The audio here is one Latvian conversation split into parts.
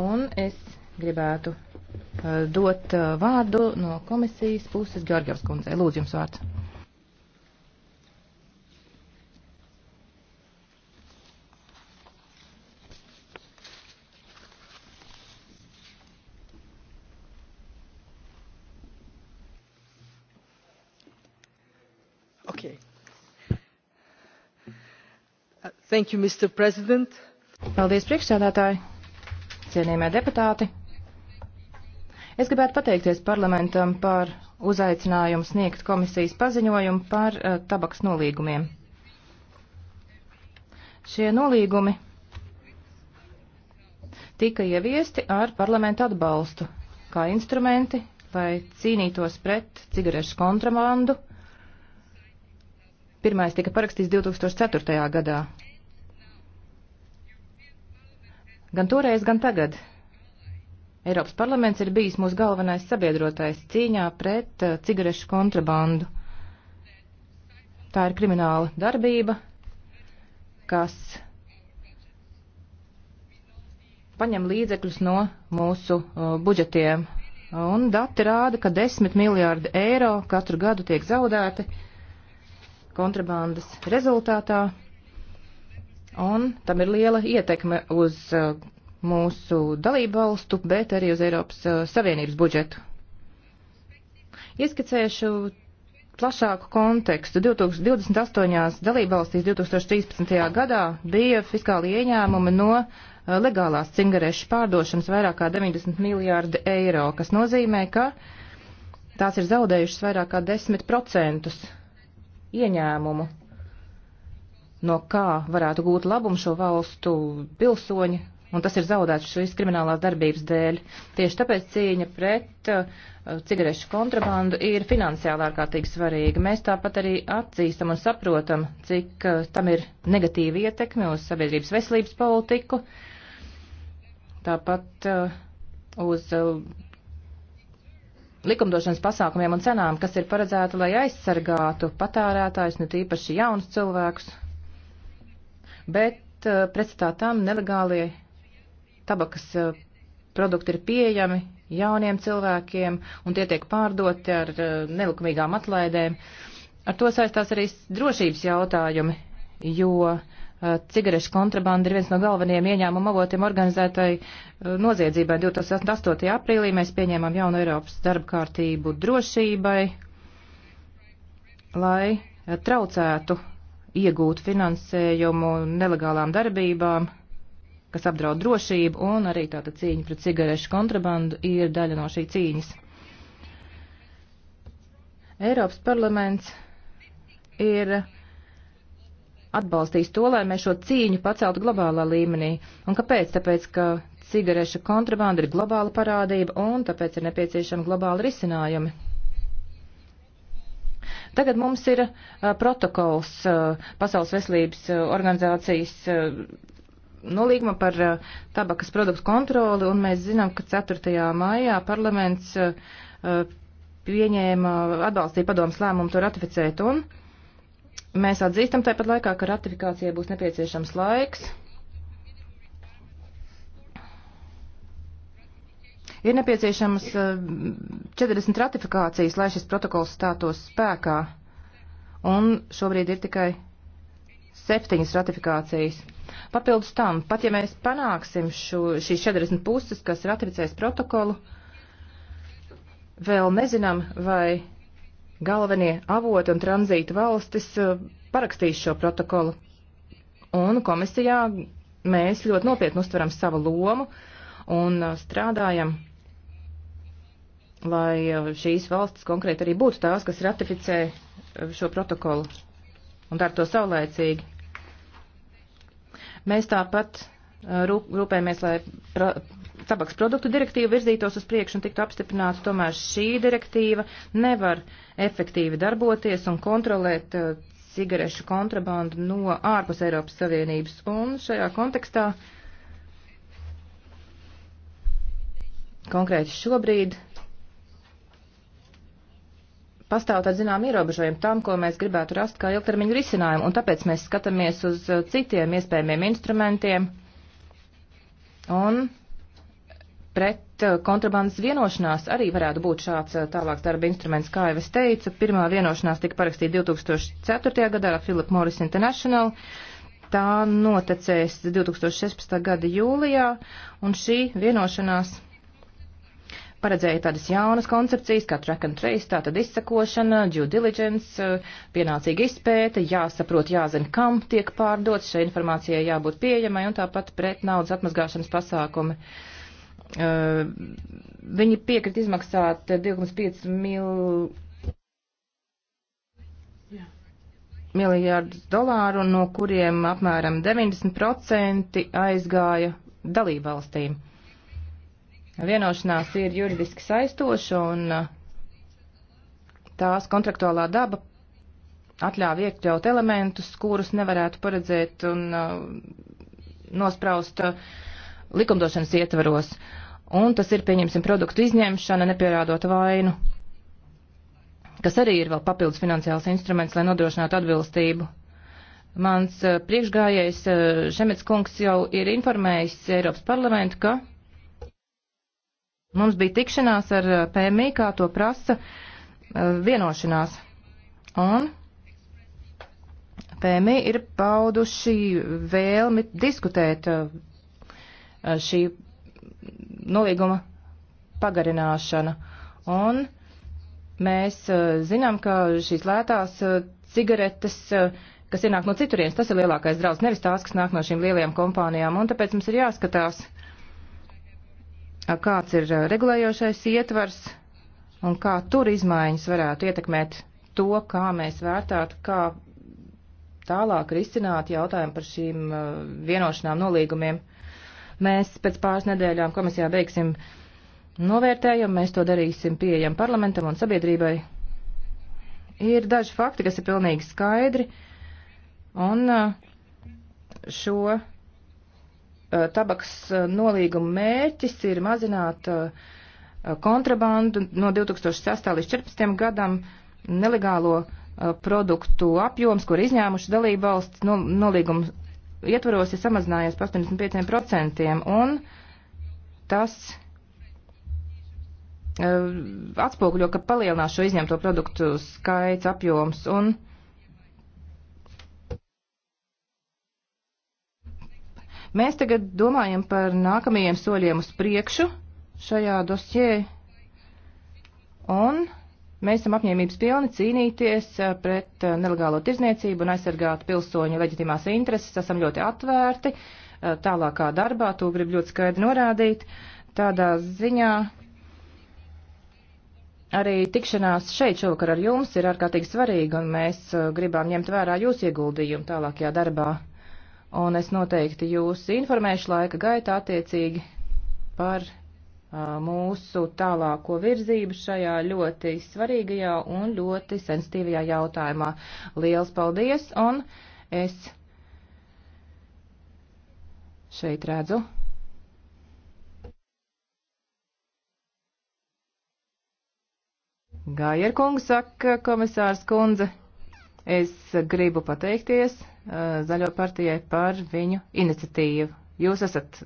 Un es gribētu uh, dot uh, vārdu no komisijas puses Georgievs kundzei. Lūdzu, jums vārds. Okay. Uh, thank you, Mr. President. Paldies, priekšsēdētāji cienījamie deputāti! Es gribētu pateikties parlamentam par uzaicinājumu sniegt komisijas paziņojumu par uh, tabaks nolīgumiem. Šie nolīgumi tika ieviesti ar parlamentu atbalstu kā instrumenti, lai cīnītos pret cigarešu kontrabandu. Pirmais tika parakstīts 2004. gadā. Gan toreiz, gan tagad Eiropas parlaments ir bijis mūsu galvenais sabiedrotais cīņā pret eh, cigarešu kontrabandu. Tā ir krimināla darbība, kas paņem līdzekļus no mūsu eh, budžetiem. Un dati rāda, ka 10 miljārdi eiro katru gadu tiek zaudēti kontrabandas rezultātā un tam ir liela ietekme uz uh, mūsu dalību valstu, bet arī uz Eiropas uh, Savienības budžetu. Ieskicēšu plašāku kontekstu. 2028. dalībvalstīs 2013. gadā bija fiskāli ieņēmumi no uh, legālās cingarešu pārdošanas vairāk kā 90 miljārdi eiro, kas nozīmē, ka tās ir zaudējušas vairāk kā 10% ieņēmumu no kā varētu gūt labumu šo valstu pilsoņi, un tas ir zaudēts šīs kriminālās darbības dēļ. Tieši tāpēc cīņa pret uh, cigarešu kontrabandu ir finansiāli ārkārtīgi svarīga. Mēs tāpat arī atzīstam un saprotam, cik uh, tam ir negatīva ietekme uz sabiedrības veselības politiku, tāpat uh, uz uh, likumdošanas pasākumiem un cenām, kas ir paredzēta, lai aizsargātu patērētājus, nu tīpaši jaunus cilvēkus bet eh, pretstā tam nelegālie tabakas eh, produkti ir pieejami jauniem cilvēkiem, un tie tiek pārdoti ar eh, nelikumīgām atlaidēm. Ar to saistās arī drošības jautājumi, jo cigarešu kontrabanda ir viens no galvenajiem ieņēmuma avotiem organizētai noziedzībai. 28. aprīlī mēs pieņēmām jaunu Eiropas darba kārtību drošībai, lai traucētu iegūt finansējumu nelegālām darbībām, kas apdraud drošību, un arī tāda cīņa pret cigarešu kontrabandu ir daļa no šī cīņas. Eiropas parlaments ir atbalstījis to, lai mēs šo cīņu paceltu globālā līmenī. Un kāpēc? Tāpēc, ka cigareša kontrabanda ir globāla parādība, un tāpēc ir nepieciešama globāla risinājumi. Tagad mums ir protokols Pasaules veselības organizācijas nolīguma par tabakas produktu kontroli, un mēs zinām, ka 4. maijā parlaments pieņēma atbalstīja padomas lēmumu to ratificēt, un mēs atzīstam tāpat laikā, ka ratifikācijai būs nepieciešams laiks. Ir nepieciešamas 40 eh, ratifikācijas, lai šis protokols stātos spēkā, un šobrīd ir tikai septiņas ratifikācijas. Papildus tam, pat ja mēs panāksim šo, šīs 40 puses, kas ratificēs protokolu, vēl nezinām, vai galvenie avoti un tranzīta valstis eh, parakstīs šo protokolu. Un komisijā mēs ļoti nopietni uztveram savu lomu un eh, strādājam lai uh, šīs valstis konkrēti arī būtu tās, kas ratificē uh, šo protokolu un dara to saulēcīgi. Mēs tāpat uh, rūp, rūpējamies, lai pra, tabaks produktu direktīva virzītos uz priekšu un tiktu apstiprināta, tomēr šī direktīva nevar efektīvi darboties un kontrolēt cigarešu kontrabandu no ārpus Eiropas Savienības. Un šajā kontekstā konkrēti šobrīd pastāv tā zinām ierobežojumi tam, ko mēs gribētu rast kā ilgtermiņu risinājumu, un tāpēc mēs skatāmies uz uh, citiem iespējamiem instrumentiem un pret uh, kontrabandas vienošanās arī varētu būt šāds uh, tālāks darba instruments, kā jau es teicu. Pirmā vienošanās tika parakstīta 2004. gadā ar Philip Morris International. Tā notecēs 2016. gada jūlijā, un šī vienošanās paredzēja tādas jaunas koncepcijas, kā track and trace, tā tad izsakošana, due diligence, pienācīga izpēta, jāsaprot, jāzina, kam tiek pārdots, šai informācijai jābūt pieejamai un tāpat pret naudas atmazgāšanas pasākumi. Uh, viņi piekrit izmaksāt 2,5 mil... miljārdus dolāru, no kuriem apmēram 90% aizgāja dalībvalstīm. valstīm. Vienošanās ir juridiski saistoša un eh, tās kontraktuālā daba atļāva iekļaut elementus, kurus nevarētu paredzēt un eh, nospraust eh, likumdošanas ietvaros. Un tas ir, pieņemsim, produktu izņemšana, nepierādot vainu, kas arī ir vēl papildus finansiāls instruments, lai nodrošinātu atbilstību. Mans priekšgājējs Šemets kungs jau ir informējis Eiropas parlamentu, ka Mums bija tikšanās ar eh, PMI, kā to prasa eh, vienošanās. Un PMI ir pauduši vēlmi diskutēt eh, šī nolīguma pagarināšanu. Un mēs zinām, ka šīs lētās cigaretes, kas ienāk no citurienes, tas ir lielākais draudz, nevis tās, kas nāk no šīm lielajām kompānijām. Un tāpēc mums ir jāskatās, uh, kāds ir regulējošais ietvars un kā tur izmaiņas varētu ietekmēt to, kā mēs vērtātu, kā tālāk risināt jautājumu par šīm vienošanām nolīgumiem. Mēs pēc pāris nedēļām komisijā beigsim novērtējumu, mēs to darīsim pieejam parlamentam un sabiedrībai. Ir daži fakti, kas ir pilnīgi skaidri, un šo Eh, tabaks eh, nolīguma mērķis ir mazināt eh, kontrabandu no 2006. līdz 2014. gadam nelegālo produktu apjoms, kur izņēmuši dalību valsts no, nolīguma ietvaros, ir samazinājies par 85%, un tas atspoguļo, ka palielinās šo izņemto produktu skaits apjoms. Un, uh, Mēs tagad domājam par nākamajiem soļiem uz priekšu šajā dosjē, un mēs esam apņēmības pilni cīnīties uh, pret uh, nelegālo tirzniecību un aizsargāt pilsoņu leģitimās intereses. Esam ļoti atvērti uh, tālākā darbā, to grib ļoti skaidri norādīt. Tādā ziņā arī tikšanās šeit šovakar ar jums ir ārkārtīgi svarīga, un mēs gribām ņemt vērā jūsu ieguldījumu tālākajā darbā un es noteikti jūs informēšu laika gaitā attiecīgi par a, mūsu tālāko virzību šajā ļoti svarīgajā un ļoti sensitīvajā jautājumā. Liels paldies, un es šeit redzu. Gaierkungs saka komisārs kundze. Es gribu pateikties uh, Zaļo partijai par viņu iniciatīvu. Jūs esat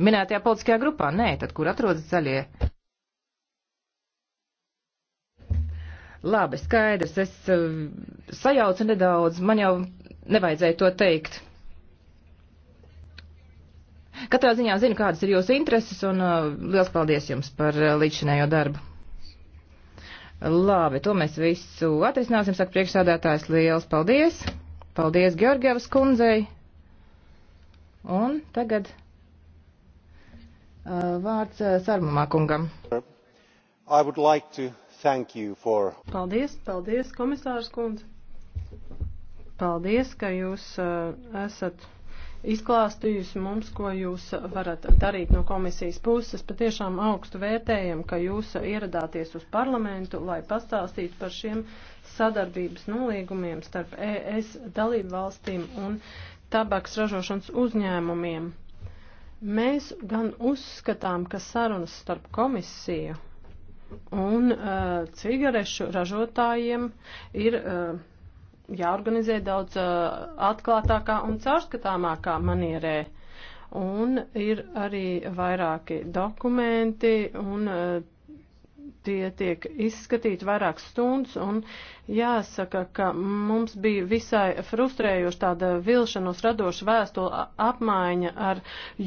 minētajā politiskajā grupā? Nē, tad kur atrodas zaļie? Labi, skaidrs, es uh, sajaucu nedaudz, man jau nevajadzēja to teikt. Katrā ziņā zinu, kādas ir jūsu intereses, un uh, liels paldies jums par līdzinējo darbu. Labi, to mēs visu atrisināsim, saka priekšsādātājs. Liels paldies! Paldies Georgievas kundzei! Un tagad uh, vārds uh, Sarmamā kungam. Like for... Paldies, paldies, komisārs kundze! Paldies, ka jūs uh, esat izklāstījusi mums, ko jūs varat darīt no komisijas puses. Patiešām augstu vērtējam, ka jūs ieradāties uz parlamentu, lai pastāstītu par šiem sadarbības nolīgumiem starp ES dalību valstīm un tabaks ražošanas uzņēmumiem. Mēs gan uzskatām, ka sarunas starp komisiju un uh, cigarešu ražotājiem ir uh, jāorganizē daudz uh, atklātākā un caurskatāmākā manierē. Un ir arī vairāki dokumenti un uh, tie tiek izskatīti vairākas stundas, un jāsaka, ka mums bija visai frustrējoši tāda vilšanos radoša vēstula apmaiņa ar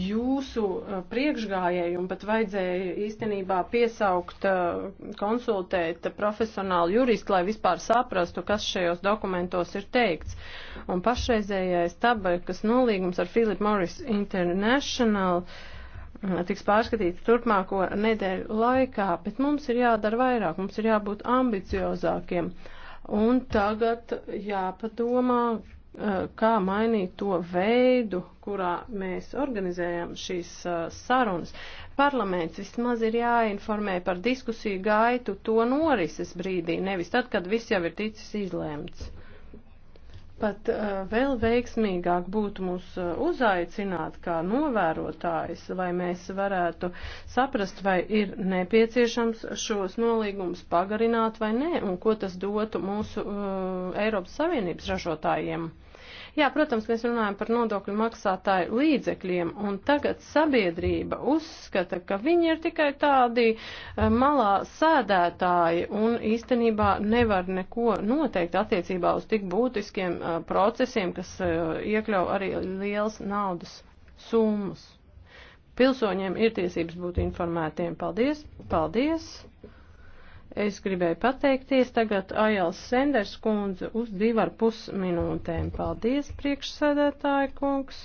jūsu priekšgājēju, un pat vajadzēja īstenībā piesaukt, konsultēt profesionālu juristu, lai vispār saprastu, kas šajos dokumentos ir teikts. Un pašreizējais tabakas nolīgums ar Philip Morris International uh, tiks pārskatīts turpmāko nedēļu laikā, bet mums ir jādara vairāk, mums ir jābūt ambiciozākiem. Un tagad jāpadomā, eh, kā mainīt to veidu, kurā mēs organizējam šīs eh, sarunas. Parlaments vismaz ir jāinformē par diskusiju gaitu to norises brīdī, nevis tad, kad viss jau ir ticis izlēmts pat uh, vēl veiksmīgāk būtu mūs uh, uzaicināt kā novērotājs, lai mēs varētu saprast, vai ir nepieciešams šos nolīgumus pagarināt vai nē, un ko tas dotu mūsu uh, Eiropas Savienības ražotājiem. Jā, protams, mēs runājam par nodokļu maksātāju līdzekļiem, un tagad sabiedrība uzskata, ka viņi ir tikai tādi eh, malā sēdētāji un īstenībā nevar neko noteikt attiecībā uz tik būtiskiem eh, procesiem, kas eh, iekļauj arī liels naudas summas. Pilsoņiem ir tiesības būt informētiem. Paldies! Paldies! Es gribēju pateikties tagad Ajāls Senders kundze uz divu ar pus minūtēm. Paldies, priekšsēdētāja kungs.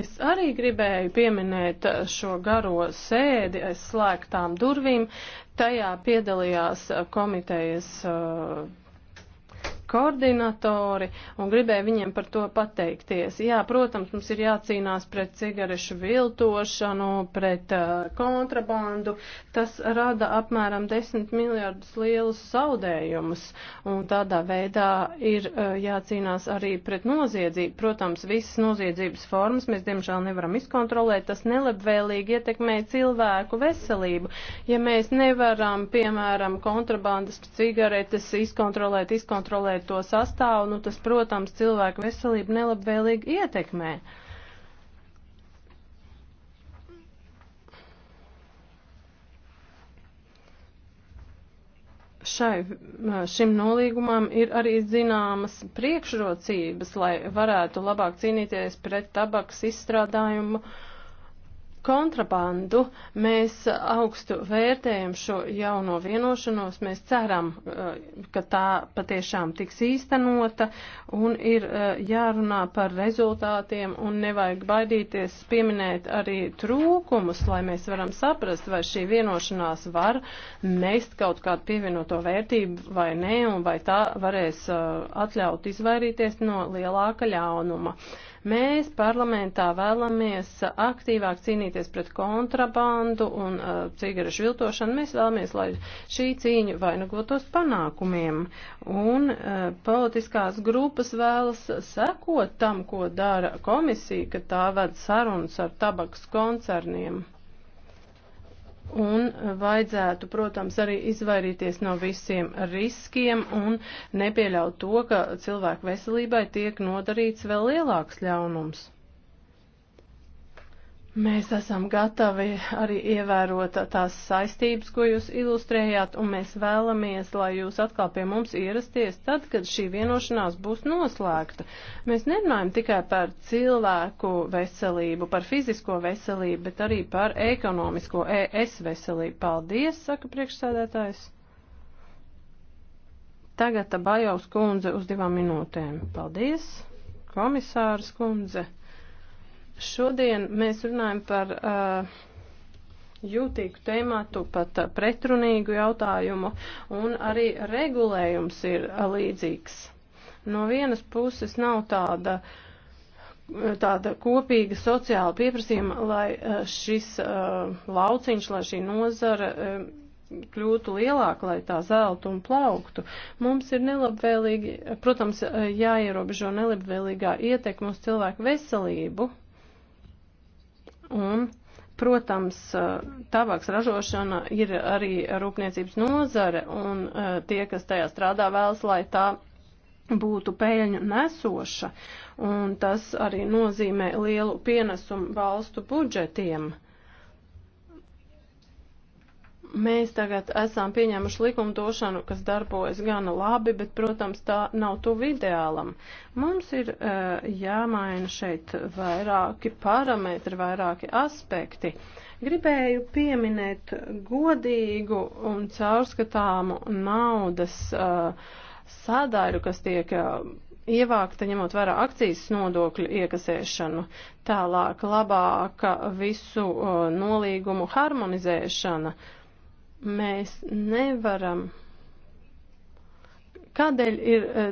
Es arī gribēju pieminēt šo garo sēdi aiz slēgtām durvīm. Tajā piedalījās komitejas uh, koordinatori un gribēju viņiem par to pateikties. Jā, protams, mums ir jācīnās pret cigarešu viltošanu, pret uh, kontrabandu. Tas rada apmēram 10 miljardus lielus zaudējumus un tādā veidā ir uh, jācīnās arī pret noziedzību. Protams, visas noziedzības formas mēs diemžēl nevaram izkontrolēt. Tas nelabvēlīgi ietekmē cilvēku veselību. Ja mēs nevaram, piemēram, kontrabandas cigaretes izkontrolēt, izkontrolēt, analizēt to sastāvu, nu tas, protams, cilvēku veselību nelabvēlīgi ietekmē. Šai, šim nolīgumam ir arī zināmas priekšrocības, lai varētu labāk cīnīties pret tabaks izstrādājumu uh, kontrabandu. Mēs augstu vērtējam šo jauno vienošanos, mēs ceram, eh, ka tā patiešām tiks īstenota un ir eh, jārunā par rezultātiem un nevajag baidīties pieminēt arī trūkumus, lai mēs varam saprast, vai šī vienošanās var nest kaut kādu pievienoto vērtību vai nē un vai tā varēs eh, atļaut izvairīties no lielāka ļaunuma. Mēs parlamentā vēlamies aktīvāk cīnīties pret kontrabandu un uh, cigarešu viltošanu. Mēs vēlamies, lai šī cīņa vainagotos panākumiem. Un uh, politiskās grupas vēlas sekot tam, ko dara komisija, ka tā ved sarunas ar tabaks koncerniem. Un vajadzētu, protams, arī izvairīties no visiem riskiem un nepieļaut to, ka cilvēku veselībai tiek nodarīts vēl lielāks ļaunums. Mēs esam gatavi arī ievērot tās saistības, ko jūs ilustrējāt, un mēs vēlamies, lai jūs atkal pie mums ierasties tad, kad šī vienošanās būs noslēgta. Mēs nerunājam tikai par cilvēku veselību, par fizisko veselību, bet arī par ekonomisko ES veselību. Paldies, saka priekšsēdētājs. Tagad Bajaus kundze uz divām minūtēm. Paldies, komisārs kundze. Šodien mēs runājam par uh, jūtīgu tēmatu, pat uh, pretrunīgu jautājumu, un arī regulējums ir uh, līdzīgs. No vienas puses nav tāda uh, tāda kopīga sociāla pieprasījuma, lai uh, šis uh, lauciņš, lai šī nozara uh, kļūtu lielāka, lai tā zelta un plauktu. Mums ir nelabvēlīgi, protams, uh, jāierobežo nelabvēlīgā ietekme uz cilvēku veselību, Un, protams, tabaks ražošana ir arī rūpniecības nozare, un tie, kas tajā strādā, vēlas, lai tā būtu peļņu nesoša, un tas arī nozīmē lielu pienesumu valstu budžetiem. Uh, Mēs tagad esam pieņēmuši likumdošanu, kas darbojas gana labi, bet, protams, tā nav tuvu ideālam. Mums ir uh, jāmaina šeit vairāki parametri, vairāki aspekti. Gribēju pieminēt godīgu un caurskatāmu naudas uh, eh, sadaļu, kas tiek. Uh, ievākta ņemot vērā akcijas nodokļu iekasēšanu, tālāk labāka visu uh, nolīgumu harmonizēšana, uh, Mēs nevaram. Kādēļ ir e,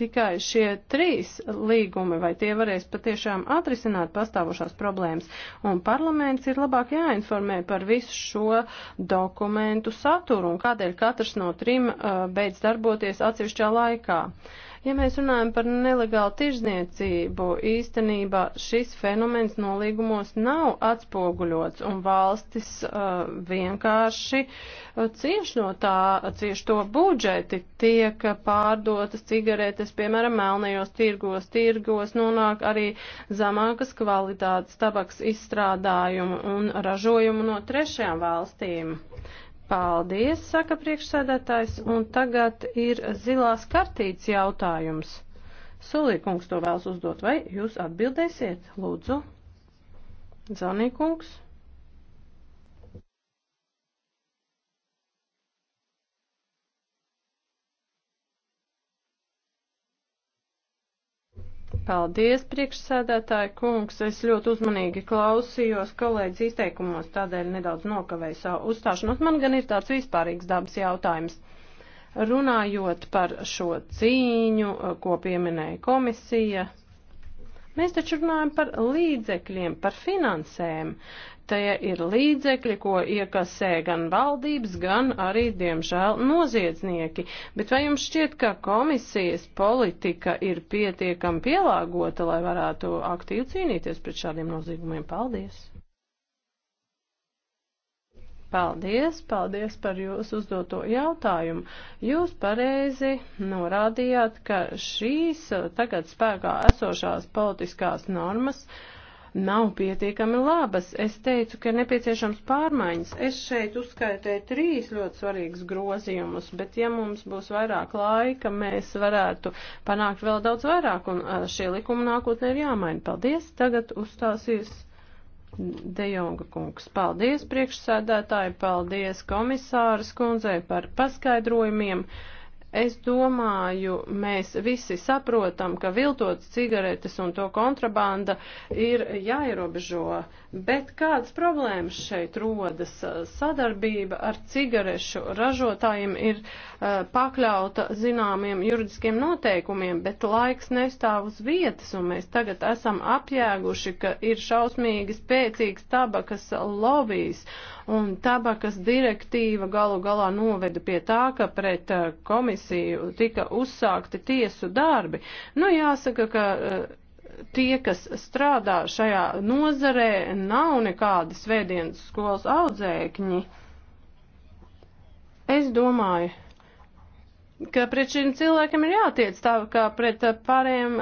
tikai šie trīs līgumi, vai tie varēs patiešām atrisināt pastāvošās problēmas. Un parlaments ir labāk jāinformē par visu šo dokumentu saturu un kādēļ katrs no trim uh, beidz darboties atsevišķā laikā. Uh, Ja mēs runājam par nelegālu tirzniecību, īstenībā šis fenomens nolīgumos nav atspoguļots, un valstis uh, vienkārši uh, cieš no tā, cieš to budžeti, tiek pārdotas cigaretes, piemēram, melnajos tirgos, tirgos nonāk arī zemākas kvalitātes tabaks izstrādājumu un ražojumu no trešajām valstīm. Paldies, saka priekšsēdētājs, un tagad ir zilās kartītes jautājums. Solīkungs to vēlas uzdot, vai jūs atbildēsiet? Lūdzu. Zanīkungs. Paldies, priekšsēdētāji kungs. Es ļoti uzmanīgi klausījos kolēģis izteikumos, tādēļ nedaudz nokavēju savu uzstāšanos. Man gan ir tāds vispārīgs dabas jautājums. Runājot par šo cīņu, ko pieminēja komisija, Mēs taču runājam par līdzekļiem, par finansēm. Tie ir līdzekļi, ko iekasē gan valdības, gan arī, diemžēl, noziedznieki. Bet vai jums šķiet, ka komisijas politika ir pietiekami pielāgota, lai varētu aktīvi cīnīties pret šādiem noziegumiem? Paldies! Paldies, paldies par jūsu uzdoto jautājumu. Jūs pareizi norādījāt, ka šīs tagad spēkā esošās politiskās normas uh, nav pietiekami labas. Es teicu, ka ir nepieciešams pārmaiņas. Es šeit uzskaitēju trīs ļoti svarīgus grozījumus, bet ja mums būs vairāk laika, mēs varētu panākt vēl daudz vairāk, un šie likumi nākotnē ir jāmaina. Paldies! Tagad uzstāsies Dejonga kungs. Paldies priekšsēdētāji, paldies komisāras kundzei par paskaidrojumiem. Es domāju, mēs visi saprotam, ka viltotas cigaretes un to kontrabanda ir jāierobežo. Bet kādas problēmas šeit rodas? Sadarbība ar cigarešu ražotājiem ir uh, pakļauta zināmiem juridiskiem noteikumiem, bet laiks nestāv uz vietas, un mēs tagad esam apjēguši, ka ir šausmīgi spēcīgs tabakas lobijs, un tabakas direktīva galu galā noveda pie tā, ka pret uh, komisiju tika uzsākti tiesu darbi. Nu, jāsaka, ka. Uh, tie, kas strādā šajā nozarē, nav nekādi svētdienas skolas audzēkņi. Es domāju, ka pret šiem cilvēkiem ir jātiec tā kā pret pārējiem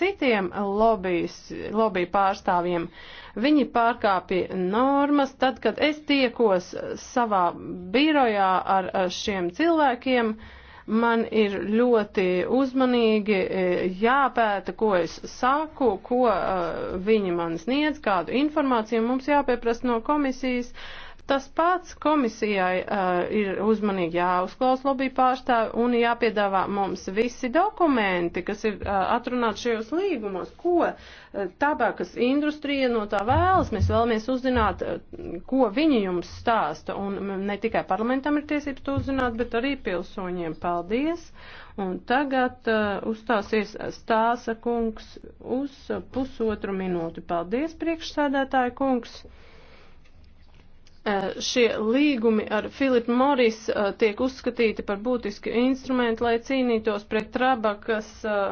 citiem lobijas, lobby pārstāvjiem. Viņi pārkāpja normas, tad, kad es tiekos savā birojā ar šiem cilvēkiem, uh, man ir ļoti uzmanīgi e, jāpēta, ko es saku, ko e, viņi man sniedz, kādu informāciju mums jāpieprasa no komisijas. Uh, tas pats komisijai uh, ir uzmanīgi jāuzklaus lobby pārstāvi un jāpiedāvā mums visi dokumenti, kas ir uh, atrunāti šajos līgumos, ko uh, tabakas industrija no tā vēlas. Mēs vēlamies uzzināt, uh, ko viņi jums stāsta. Un ne tikai parlamentam ir tiesības to uzzināt, bet arī pilsoņiem. Paldies! Un tagad uh, uzstāsies stāsa kungs uz pusotru minūti. Paldies, priekšsēdētāja kungs! Eh, šie līgumi ar Filipu Moris eh, tiek uzskatīti par būtisku instrumentu, lai cīnītos pret trabakas eh,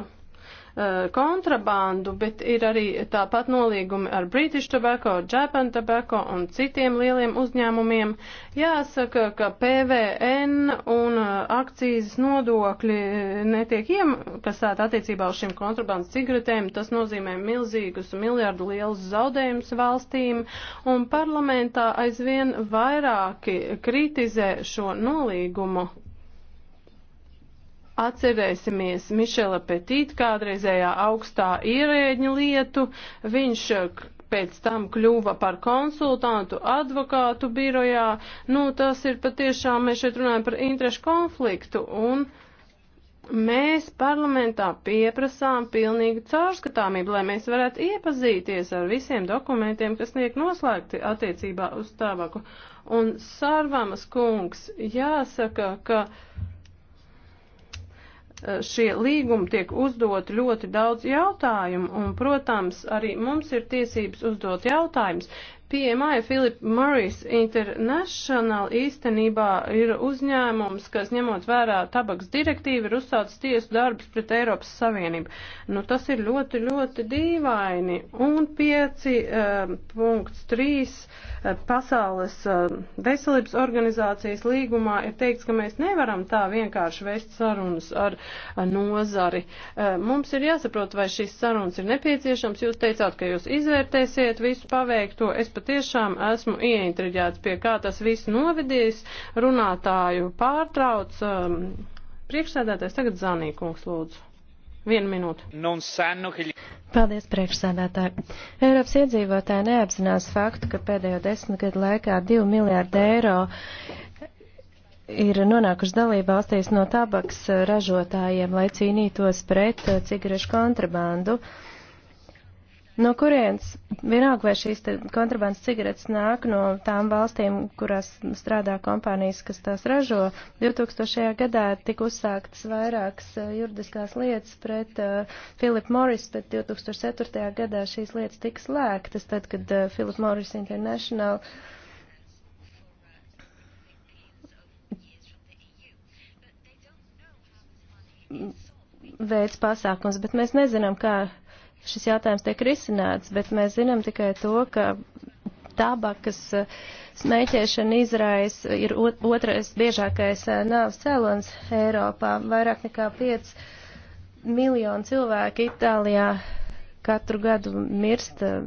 Uh, kontrabandu, bet ir arī tāpat nolīgumi ar British Tobacco, Japan Tobacco un citiem lieliem uzņēmumiem. Jāsaka, ka PVN un uh, akcijas nodokļi uh, netiek iekasēti attiecībā uz šīm kontrabandas cigaretēm. Tas nozīmē milzīgus miljardu lielus zaudējumus valstīm, un parlamentā aizvien vairāki kritizē šo nolīgumu. Atcerēsimies Mišela Petīt, kādreizējā augstā ierēģņa lietu. Viņš eh, pēc tam kļuva par konsultantu advokātu birojā. Nu, tas ir patiešām, mēs šeit runājam par interešu konfliktu un mēs parlamentā pieprasām pilnīgu caurskatāmību, lai mēs varētu iepazīties ar visiem dokumentiem, kas tiek noslēgti attiecībā uz tabaku. Un Sarvamas kungs jāsaka, ka Eh, šie līgumi tiek uzdot ļoti daudz jautājumu, un, protams, arī mums ir tiesības uzdot jautājumus, PMI Philip Morris International īstenībā ir uzņēmums, kas ņemot vērā tabaks direktīvu ir uzsācis tiesu darbus pret Eiropas Savienību. Nu, tas ir ļoti, ļoti dīvaini. Un 5.3. Eh, eh, Pasaules eh, veselības organizācijas līgumā ir teikts, ka mēs nevaram tā vienkārši veist sarunas ar nozari. Mums ir jāsaprot, vai šīs sarunas ir nepieciešams. Jūs teicāt, ka jūs izvērtēsiet visu paveikto. Es patiešām esmu ieintriģēts, pie kā tas viss novedīs. Runātāju pārtrauc. Um, priekšsēdētājs tagad Zanīkungs lūdzu. Vienu minūti. Paldies, priekšsēdētāji. Eiropas iedzīvotāji neapzinās faktu, ka pēdējo desmit gadu laikā 2 miljārdi eiro ir nonākuši dalībvalstīs no tabaks ražotājiem, lai cīnītos pret cigarešu kontrabandu. Uh, no kurienes vienalga vai šīs kontrabandas cigaretes nāk no tām valstīm, kurās strādā kompānijas, kas tās ražo. 2000. gadā tika uzsāktas vairākas eh, juridiskās lietas pret uh, Philip Morris, bet 2004. gadā šīs lietas tika slēgtas, tad, kad uh, Philip Morris International veids pasākums, bet mēs nezinām, kā šis jautājums tiek risināts, bet mēs zinām tikai to, ka tabakas eh, smēķēšana izraisa ir otrais biežākais eh, nāves cēlons Eiropā. Vairāk nekā 5 miljonu cilvēku Itālijā katru gadu mirst eh,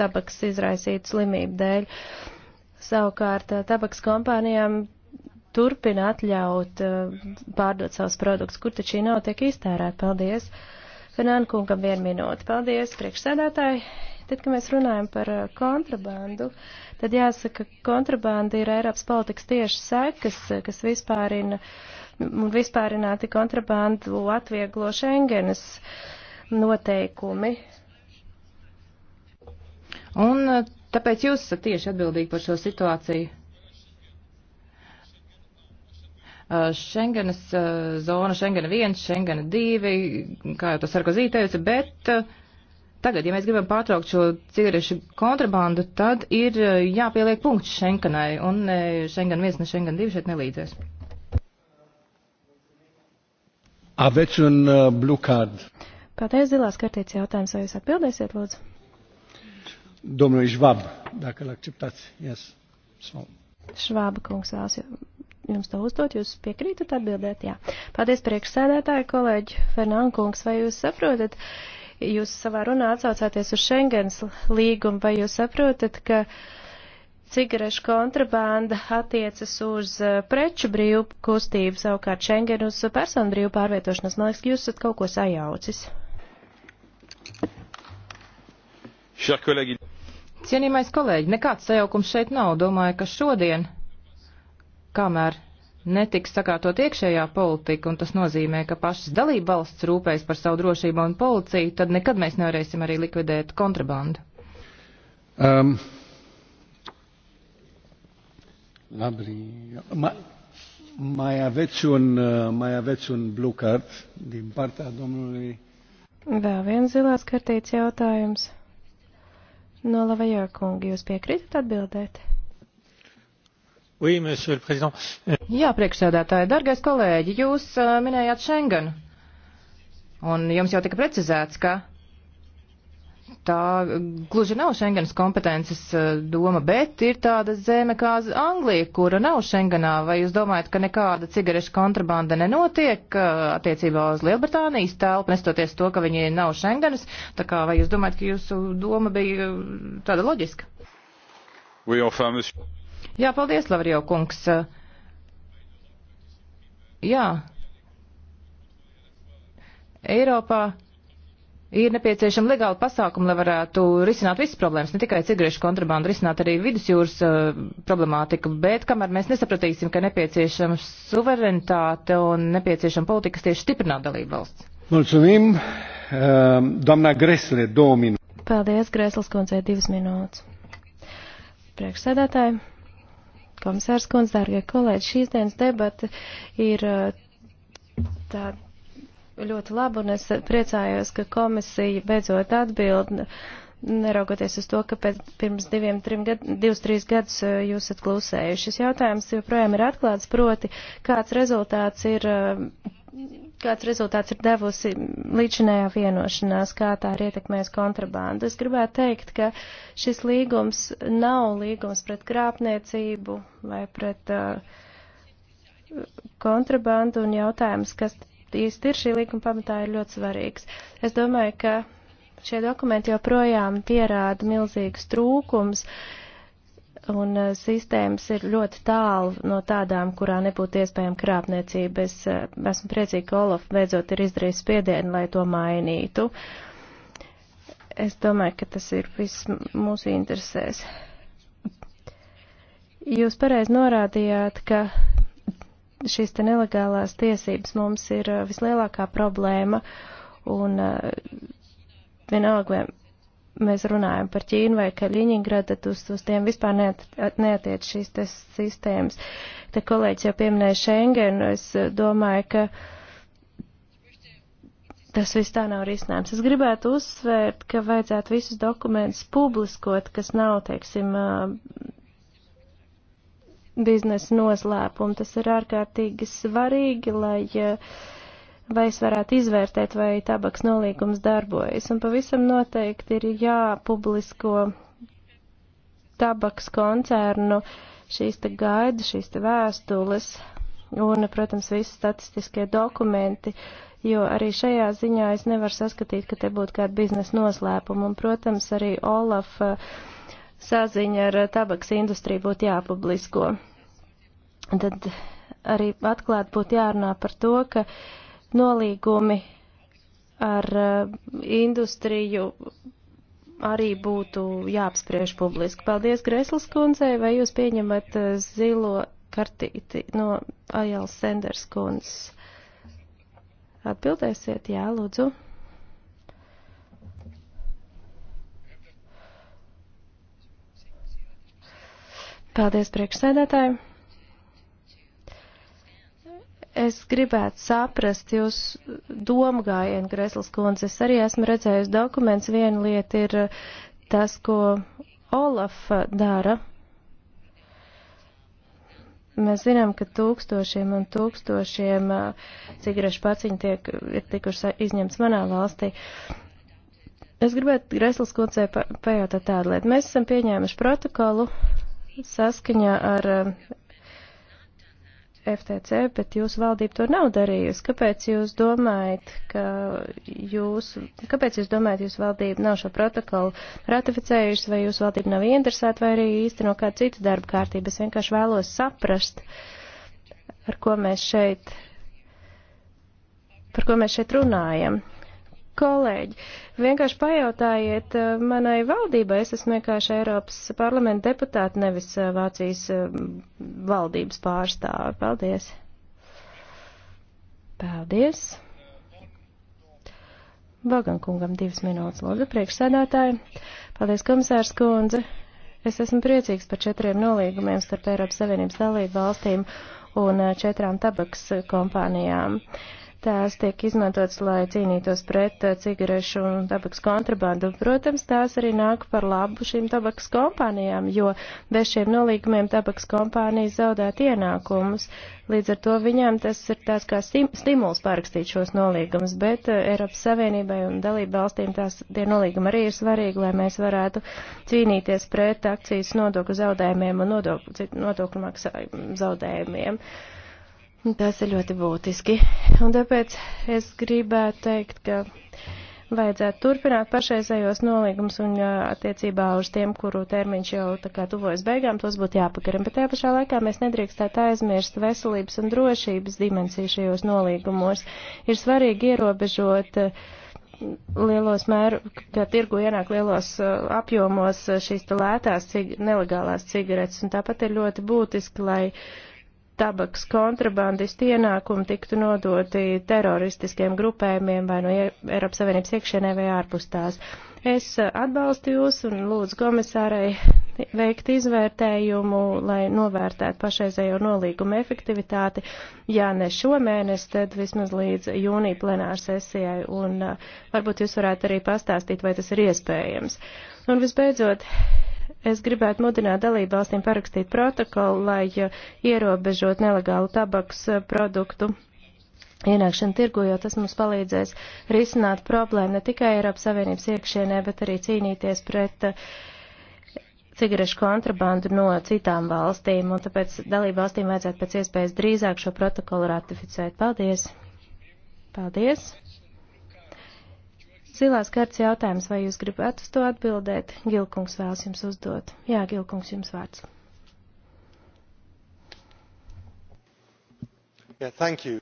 tabakas izraisītu slimību dēļ. Savukārt tabakas kompānijām turpina atļaut pārdot savus produktus, kur tačī nav tiek iztērēt. Paldies! Benāna kungam vienu minūti. Paldies, priekšsēdētāji. Tad, kad mēs runājam par uh, kontrabandu, tad jāsaka, ka kontrabanda ir Eiropas politikas tieši sekas, uh, kas vispārina, vispārināti kontrabandu atvieglo Schengenas noteikumi. Un uh, tāpēc jūs esat tieši atbildīgi par šo situāciju. Šengenas eh, eh, zona, Šengena 1, Šengena 2, kā jau tas Sarkozī teica, bet eh, tagad, ja mēs gribam pārtraukt šo cigarešu kontrabandu, tad ir jāpieliek punkts Šengenai, un Šengena 1 un Šengena 2 šeit nelīdzēs. Aveți un uh, blue card. Pateiz zilās kartītes jautājums, vai jūs atbildēsiet, lūdzu? Domnul Schwab, dacă l acceptați. Yes. So. Schwab kungs vēlas jums to uzdot, jūs piekrītat atbildēt? Jā. Paldies priekšsēdētāji, kolēģi Fernankungs, vai jūs saprotat, jūs savā runā atsaucāties uz Schengens līgumu, vai jūs saprotat, ka cigarešu kontrabanda attiecas uz eh, preču brīvu kustību, savukārt Schengen uz personu brīvu pārvietošanos? Man liekas, ka jūs esat kaut ko sajaucis. Cienījamais kolēģi, nekāds sajaukums šeit nav. Domāju, ka šodien kamēr netiks sakārtot iekšējā politika, un tas nozīmē, ka pašas dalība valsts rūpēs par savu drošību un policiju, tad nekad mēs nevarēsim arī likvidēt kontrabandu. Um. Labri. Ma, mai aveți un, uh, mai aveți un blue card din partea domnului? Vēl viens zilās kartīts jautājums. No Lavajā kungi, jūs piekrītat atbildēt? Oui, monsieur le président. Jā, priekšsēdētāji, dargais kolēģi, jūs uh, minējāt Schengenu. Un jums jau tika precizēts, ka tā gluži nav Schengenas kompetences uh, doma, bet ir tāda zeme kā Anglija, kura nav Schengenā. Vai jūs domājat, ka nekāda cigarešu kontrabanda nenotiek uh, attiecībā uz Lielbritānijas telpu, nestoties to, ka viņi nav Schengenas? Tā kā vai jūs domājat, ka jūsu doma bija tāda loģiska? Oui, enfin, monsieur Jā, paldies, Lavrijo kungs. Jā. Eiropā ir nepieciešama legāla pasākuma, lai varētu risināt visas problēmas, ne tikai cigarešu kontrabandu, risināt arī vidusjūras uh, problemātiku, bet kamēr mēs nesapratīsim, ka nepieciešama suverenitāte un nepieciešama politika, kas tieši stiprinātu dalību valsts. Mulțumim, doamna Gresle, două minūtes. Paldies, Gresles koncē, divas minūtes. Priekšsēdētāji. Komisārs Kunz, dārgie kolēģi, šīs dienas debata ir uh, tā ļoti laba, un es priecājos, ka komisija beidzot atbild, neraugoties uz to, ka pēc pirms diviem, trim gad, divus, trīs gadus uh, jūs esat klusējuši. Šis jautājums joprojām ir atklāts, proti, kāds rezultāts ir uh, kāds rezultāts ir devusi līdzinējā vienošanās, kā tā ir ietekmējusi kontrabandu. Es gribētu teikt, ka šis līgums nav līgums pret krāpniecību vai pret uh, kontrabandu un jautājums, kas īsti ir šī līguma pamatā, ir ļoti svarīgs. Es domāju, ka šie dokumenti joprojām pierāda milzīgus trūkums, uh, un eh, sistēmas ir ļoti tālu no tādām, kurā nebūtu iespējama krāpniecība. Es eh, esmu priecīga, ka Olaf beidzot ir izdarījis spiedienu, lai to mainītu. Es domāju, ka tas ir viss mūsu interesēs. Jūs pareizi norādījāt, ka šīs te nelegālās tiesības mums ir eh, vislielākā problēma un vienalga, mēs runājam par Ķīnu vai Kaļiņingradu, tad uz, uz tiem vispār neat, neatiec šīs sistēmas. Te kolēģis jau pieminēja Schengenu, es domāju, ka tas viss tā nav risinājums. Es gribētu uzsvērt, ka vajadzētu visus dokumentus publiskot, kas nav, teiksim, biznesa noslēpumi. Tas ir ārkārtīgi svarīgi, lai uh, vai es varētu izvērtēt, vai tabaks nolīgums darbojas. Un pavisam noteikti ir jāpublisko tabaks koncernu šīs te gaida, šīs te vēstules un, protams, visi statistiskie dokumenti, jo arī šajā ziņā es nevaru saskatīt, ka te būtu kāda biznesa noslēpuma. Un, protams, arī Olaf eh, saziņa ar eh, tabaks industriju būtu jāpublisko. Tad arī atklāt būtu jārunā par to, ka uh, nolīgumi ar eh, industriju arī būtu jāapspriež publiski. Paldies, Gresls kundzei, vai jūs pieņemat eh, zilo kartīti no Ajāls Senders kundzes? Atbildēsiet, jā, lūdzu. Paldies, priekšsēdētāji es gribētu saprast jūs domu gājienu, Gresls kundze. Es arī esmu redzējusi dokuments. Viena lieta ir eh, tas, ko Olaf eh, dara. Mēs zinām, ka tūkstošiem un tūkstošiem eh, cigarešu paciņu tiek, ir tikuši izņemts manā valstī. Es gribētu Gresls kundzei pajautāt tādu lietu. Mēs esam pieņēmuši protokolu saskaņā ar FTC, bet jūsu valdība to nav darījusi. Kāpēc jūs domājat, ka jūs, kāpēc jūs domājat, jūsu valdība nav šo protokolu ratificējusi, vai jūsu valdība nav interesēta, vai arī īsteno kādu citu darbu kārtību? Es vienkārši vēlos saprast, ar ko mēs šeit, par ko mēs šeit runājam. Kolēģi, vienkārši pajautājiet eh, manai valdībai, es esmu vienkārši Eiropas parlamenta deputāta, nevis eh, Vācijas eh, valdības pārstāve. Paldies! Paldies! Vagankungam divas minūtes, lūdzu, priekšsēdētāji. Paldies, komisārs Kundze. Es esmu priecīgs par četriem nolīgumiem starp Eiropas Savienības dalību valstīm un četrām tabaks kompānijām. Uh, tās tiek izmantotas, lai cīnītos pret uh, cigarešu un tabaks kontrabandu. Protams, tās arī nāk par labu šīm tabaks kompānijām, jo bez šiem nolīgumiem tabaks kompānijas zaudēt ienākumus. Līdz ar to viņām tas ir tās kā stimuls parakstīt šos nolīgumus, bet uh, Eiropas Savienībai un dalību valstīm tās tie nolīgumi arī ir svarīgi, lai mēs varētu cīnīties pret akcijas nodokļu zaudējumiem un nodokļu, nodokļu maksājumu zaudējumiem. Uh, Tas ir ļoti būtiski. Un tāpēc es gribētu teikt, ka vajadzētu turpināt pašreizējos nolīgumus un attiecībā uz tiem, kuru termiņš jau tā kā tuvojas beigām, tos būtu jāpagarina. Bet tajā pašā laikā mēs nedrīkstētu aizmirst veselības un drošības dimensiju šajos nolīgumos. Ir svarīgi ierobežot eh, lielos mēru, kā tirgu ienāk lielos eh, apjomos eh, šīs lētās cig nelegālās cigaretes. Un tāpat ir ļoti būtiski, lai. Uh, tabaks kontrabandisti ienākumi tiktu nodoti teroristiskiem grupējumiem vai no Eiropas Savienības iekšienē vai ārpus tās. Es atbalstu jūs un lūdzu komisārai veikt izvērtējumu, lai novērtētu pašreizējo nolīgumu efektivitāti, ja ne šomēnes, tad vismaz līdz jūnija plenāra sesijai, un uh, varbūt jūs varētu arī pastāstīt, vai tas ir iespējams. Un visbeidzot, Es gribētu mudināt dalībvalstīm parakstīt protokolu, lai ierobežot nelegālu tabaks eh, produktu ienākšanu tirgu, jo tas mums palīdzēs risināt problēmu ne tikai Eiropas Savienības iekšienē, bet arī cīnīties pret eh, cigarešu kontrabandu no citām valstīm, un tāpēc dalībvalstīm vajadzētu pēc iespējas drīzāk šo protokolu ratificēt. Paldies! Paldies! Zilās karts jautājums, vai jūs gribat uz to atbildēt? Gilkungs vēlas jums uzdot. Jā, Gilkungs jums vārds. Yeah, thank you.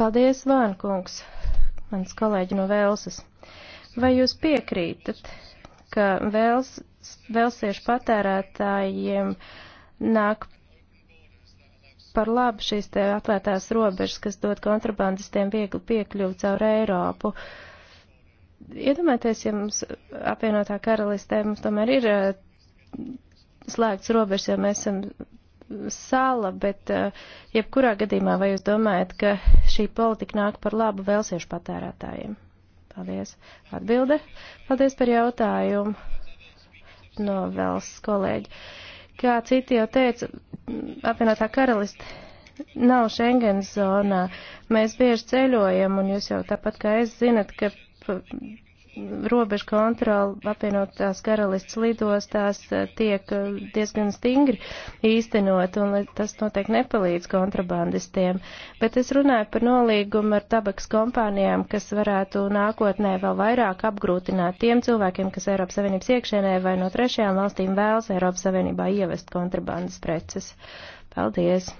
Paldies, Vānkungs, mans kolēģi no Velsas. Vai jūs piekrītat, ka Vels, Velsiešu patērētājiem nāk par labu šīs te atvērtās robežas, kas dod kontrabandistiem vieglu piekļuvu caur Eiropu? Uh, iedomājieties, ja mums apvienotā karalistē mums tomēr ir eh, slēgts robežs, jo mēs esam sala, bet eh, jebkurā gadījumā vai jūs domājat, ka šī politika nāk par labu velsiešu patērētājiem? Paldies. Atbilde. Paldies par jautājumu no Velsas kolēģi. Kā citi jau teica, apvienotā karaliste nav Schengen zonā. Mēs bieži ceļojam, un jūs jau tāpat kā es zinat, ka starp robežu kontroli apvienotās karalists lidostās eh, tiek eh, diezgan stingri īstenot, un tas noteikti nepalīdz kontrabandistiem. Bet es runāju par nolīgumu ar tabaks kompānijām, kas varētu nākotnē vēl vairāk apgrūtināt tiem cilvēkiem, kas Eiropas Savienības iekšēnē vai no trešajām valstīm vēlas Eiropas Savienībā ievest kontrabandas preces. Paldies!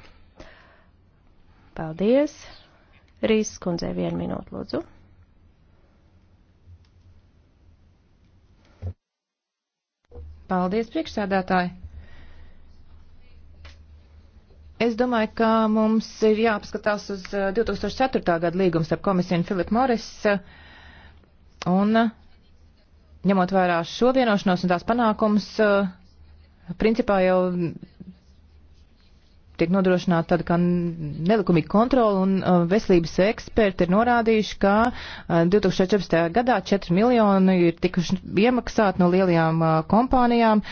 Paldies! Rīs skundzei vienu minūtu, lūdzu. Paldies, priekšsēdētāji! Es domāju, ka mums ir jāpaskatās uz 2004. Uh, gada līgums ar komisiju un Filipu Moris. Uh, un uh, ņemot vērā šo vienošanos un tās panākums, principā jau tiek nodrošināta tāda kā nelikumīga kontrola, un uh, veselības eksperti ir norādījuši, ka 2014. Uh, gadā 4 miljoni ir tikuši iemaksāti no lielajām uh, kompānijām.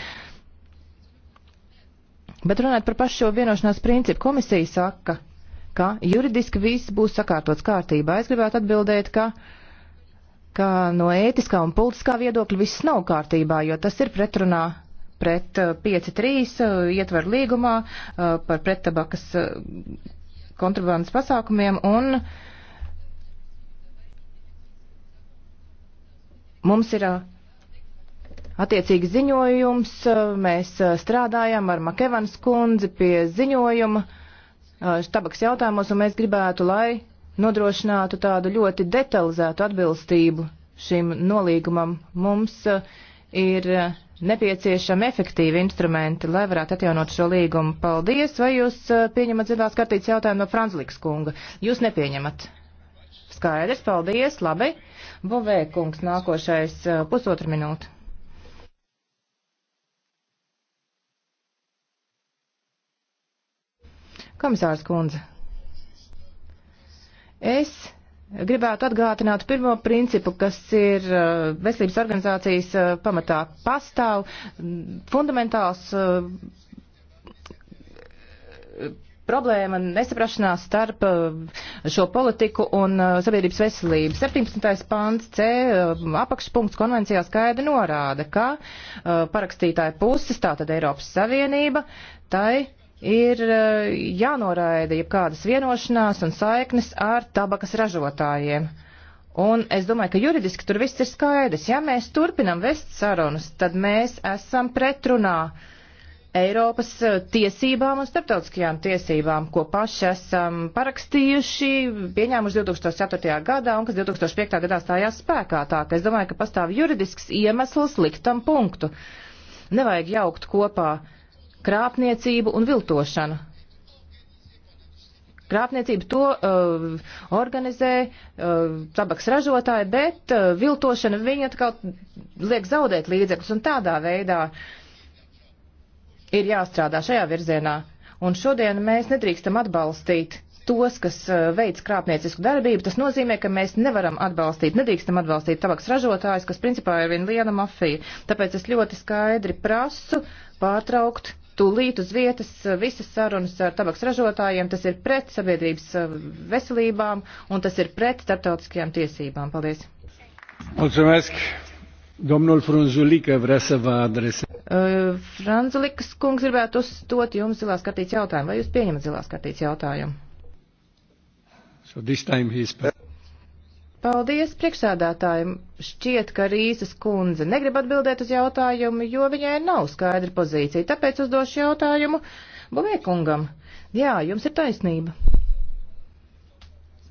Bet runājot par pašu šo vienošanās principu, komisija saka, ka juridiski viss būs sakārtots kārtībā. Es gribētu atbildēt, ka ka no ētiskā un politiskā viedokļa viss nav kārtībā, jo tas ir pretrunā pret 5.3 eh, eh, ietver līgumā eh, par prettabakas kontrabandas pasākumiem un mums ir attiecīgi ziņojums, mēs strādājam ar Makevans kundzi pie ziņojuma tabaks jautājumos un mēs gribētu, lai nodrošinātu tādu ļoti detalizētu atbilstību šim nolīgumam. Mums ir nepieciešami efektīvi instrumenti, lai varētu atjaunot šo līgumu. Paldies, vai jūs eh, pieņemat zilās kartītes jautājumu no Franzlikas kunga? Jūs nepieņemat. Skaidrs, paldies, labi. Bovē kungs nākošais eh, pusotru minūtu. Komisārs kundze. Es Gribētu atgādināt pirmo principu, kas ir uh, veselības organizācijas uh, pamatā pastāv mm, fundamentāls uh, problēma nesaprašanās starp šo politiku un sabiedrības veselību. 17. pants C apakšpunkts konvencijā skaidri norāda, ka parakstītāja puses, tātad Eiropas Savienība, tai ir eh, jānoraida jebkādas vienošanās un saiknes ar tabakas ražotājiem. Un es domāju, ka juridiski tur viss ir skaidrs. Ja mēs turpinam vest sarunas, tad mēs esam pretrunā Eiropas eh, tiesībām un starptautiskajām tiesībām, ko paši esam parakstījuši, pieņēmuši 2004. gadā un kas 2005. gadā stājās spēkā. Tā ka es domāju, ka pastāv juridisks iemesls liktam punktu. Nevajag jaukt kopā uh, krāpniecību un viltošanu. Krāpniecību to uh, organizē uh, tabaks ražotāji, bet uh, viltošana viņa atkal liek zaudēt līdzekļus un tādā veidā ir jāstrādā šajā virzienā. Un šodien mēs nedrīkstam atbalstīt tos, kas uh, veids krāpniecisku darbību. Tas nozīmē, ka mēs nevaram atbalstīt, nedrīkstam atbalstīt tabaks ražotājus, kas principā ir viena liela mafija. Tāpēc es ļoti skaidri prasu pārtraukt tūlīt uz vietas eh, visas sarunas ar tabaks ražotājiem. Tas ir pret sabiedrības eh, veselībām un tas ir pret starptautiskajām tiesībām. Paldies! Mulțumesc! Domnul Frunzulică vrea să vă adreseze. Uh, eh, Franzulikas kungs gribētu uzdot jums zilās kartītes jautājumu. Vai jūs pieņemat zilās kartītes jautājumu? So this time he is... Paldies priekšsēdētājiem. Šķiet, ka Rīsas kundze negrib atbildēt uz jautājumu, jo viņai nav skaidra pozīcija, tāpēc uzdošu jautājumu Buvēkungam. Jā, jums ir taisnība.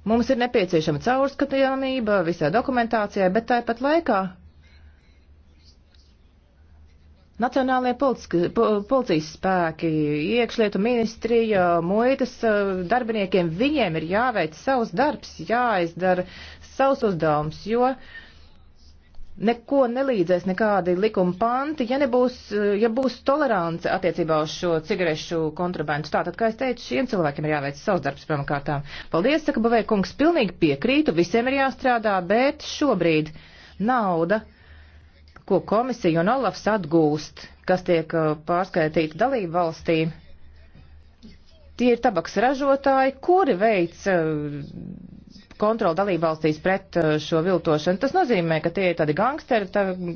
Mums ir nepieciešama caurskatāmība visā dokumentācijā, bet tāpat laikā Nacionālajie polici, policijas spēki, iekšlietu ministrija, muitas eh, darbiniekiem, viņiem ir jāveic savs darbs, jāizdara savus uzdevumus, jo neko nelīdzēs nekādi likuma panti, ja nebūs, ja būs tolerance attiecībā uz šo cigarešu kontrabandu. Tātad, kā es teicu, šiem cilvēkiem ir jāveic savs darbs pirmkārtām. Paldies, saka Bavē kungs, pilnīgi piekrītu, visiem ir jāstrādā, bet šobrīd nauda, ko komisija un Olafs atgūst, kas tiek uh, pārskaitīta dalību valstīm, tie ir tabaks ražotāji, kuri veic uh, kontroli dalībvalstīs pret uh, šo viltošanu. Tas nozīmē, ka tie ir tādi gangsteri,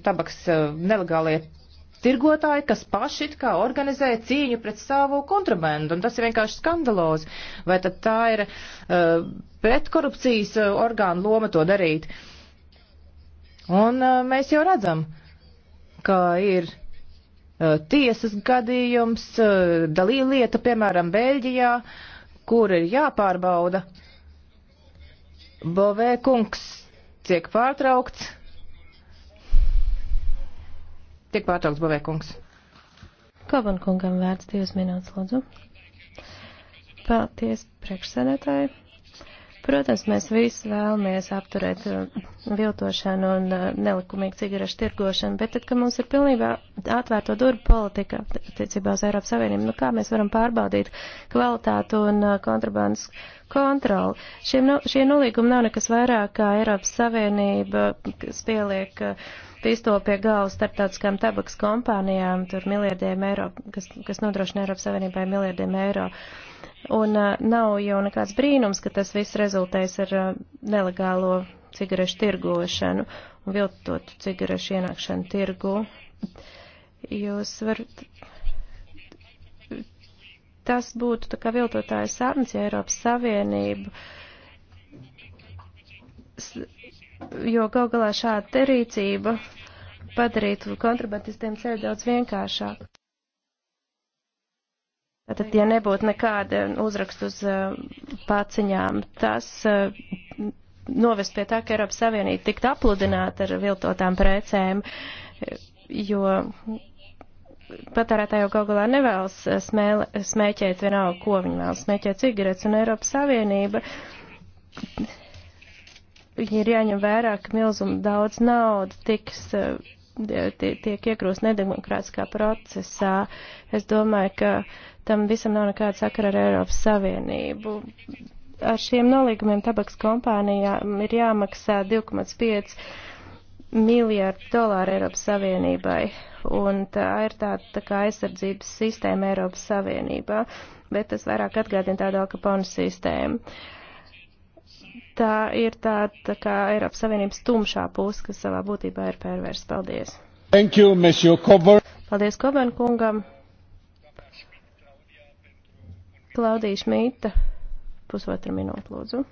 tabaks uh, nelegālie tirgotāji, kas paši it kā organizē cīņu pret savu kontrabandu, un tas ir vienkārši skandalozi. Vai tad tā ir uh, pretkorupcijas uh, orgānu loma to darīt? Un uh, mēs jau redzam, ka ir uh, tiesas gadījums, uh, dalīlieta, piemēram, Beļģijā, kur ir jāpārbauda uh, Bovē kungs tiek pārtraukts. Tiek pārtraukts Bovē kungs. Koban kungam vērts divas minūtes, lūdzu. Paldies, priekšsēdētāji. Protams, mēs visi vēlamies apturēt uh, viltošanu un uh, nelikumīgu cigarešu tirgošanu, bet tad, kad mums ir pilnībā atvērto durvu politika attiecībā uz Eiropas Savienību, nu kā mēs varam pārbaudīt kvalitātu un uh, kontrabandas uh, kontroli. Šie, no, šie nolīgumi nav nekas vairāk kā Eiropas Savienība, kas pieliek pisto pie galvas starptautiskām tabaks kompānijām, tur miljardiem eiro, kas, kas nodrošina Eiropas Savienībai miljardiem eiro. Un uh, nav jau nekāds brīnums, ka tas viss rezultēs ar uh, nelegālo cigarešu tirgošanu un viltotu cigarešu ienākšanu tirgu. Jūs varat tas būtu tā kā viltotāja sarnas, ja Eiropas Savienību, jo gal galā šāda rīcība padarītu kontrabandistiem ceļu daudz vienkāršāk. Tātad, ja nebūtu nekāda uzrakstu uz uh, pāciņām, tas uh, novest pie tā, ka Eiropas Savienība tikt apludināta ar viltotām precēm, eh, jo patērētāji jau galā nevēlas eh, smēle, eh, smēķēt vienalga, ko viņi vēlas smēķēt cigaretes, un Eiropas Savienība ir jāņem vērā, ka milzuma daudz naudu tiks eh, tiek iekrūst nedemokrātiskā procesā. Es domāju, ka tam visam nav nekāda sakara ar Eiropas Savienību. Ar šiem nolīgumiem tabaks kompānijām ir jāmaksā 2,5 miljārdu dolāru Eiropas Savienībai un tā ir tāda tā kā aizsardzības sistēma Eiropas Savienībā, bet tas vairāk atgādina tādu Alkaponu sistēmu. Tā ir tāda tā kā Eiropas Savienības tumšā puse, kas savā būtībā ir pervers. Paldies! Thank you, Monsieur Coburn. Paldies Coburn kungam! Klaudija Šmīta, pusotra minūte, lūdzu.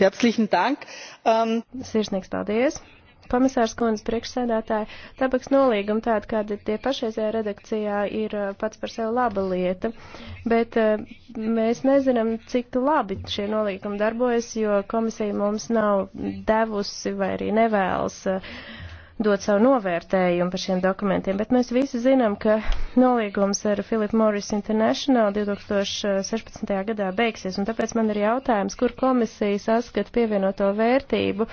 Herzlichen Dank. Um... Sirsnīgs paldies. Komisārs Kundze priekšsēdētāji, tabaks nolīguma tāda, kāda tie pašreizējā redakcijā ir pats par sevi laba lieta, bet mēs nezinām, cik labi šie nolīgumi darbojas, jo komisija mums nav devusi vai arī nevēlas uh, dot savu novērtējumu par šiem dokumentiem, bet mēs visi zinām, ka nolīgums ar Philip Morris International 2016. gadā beigsies, un tāpēc man ir jautājums, kur komisija saskat pievienoto vērtību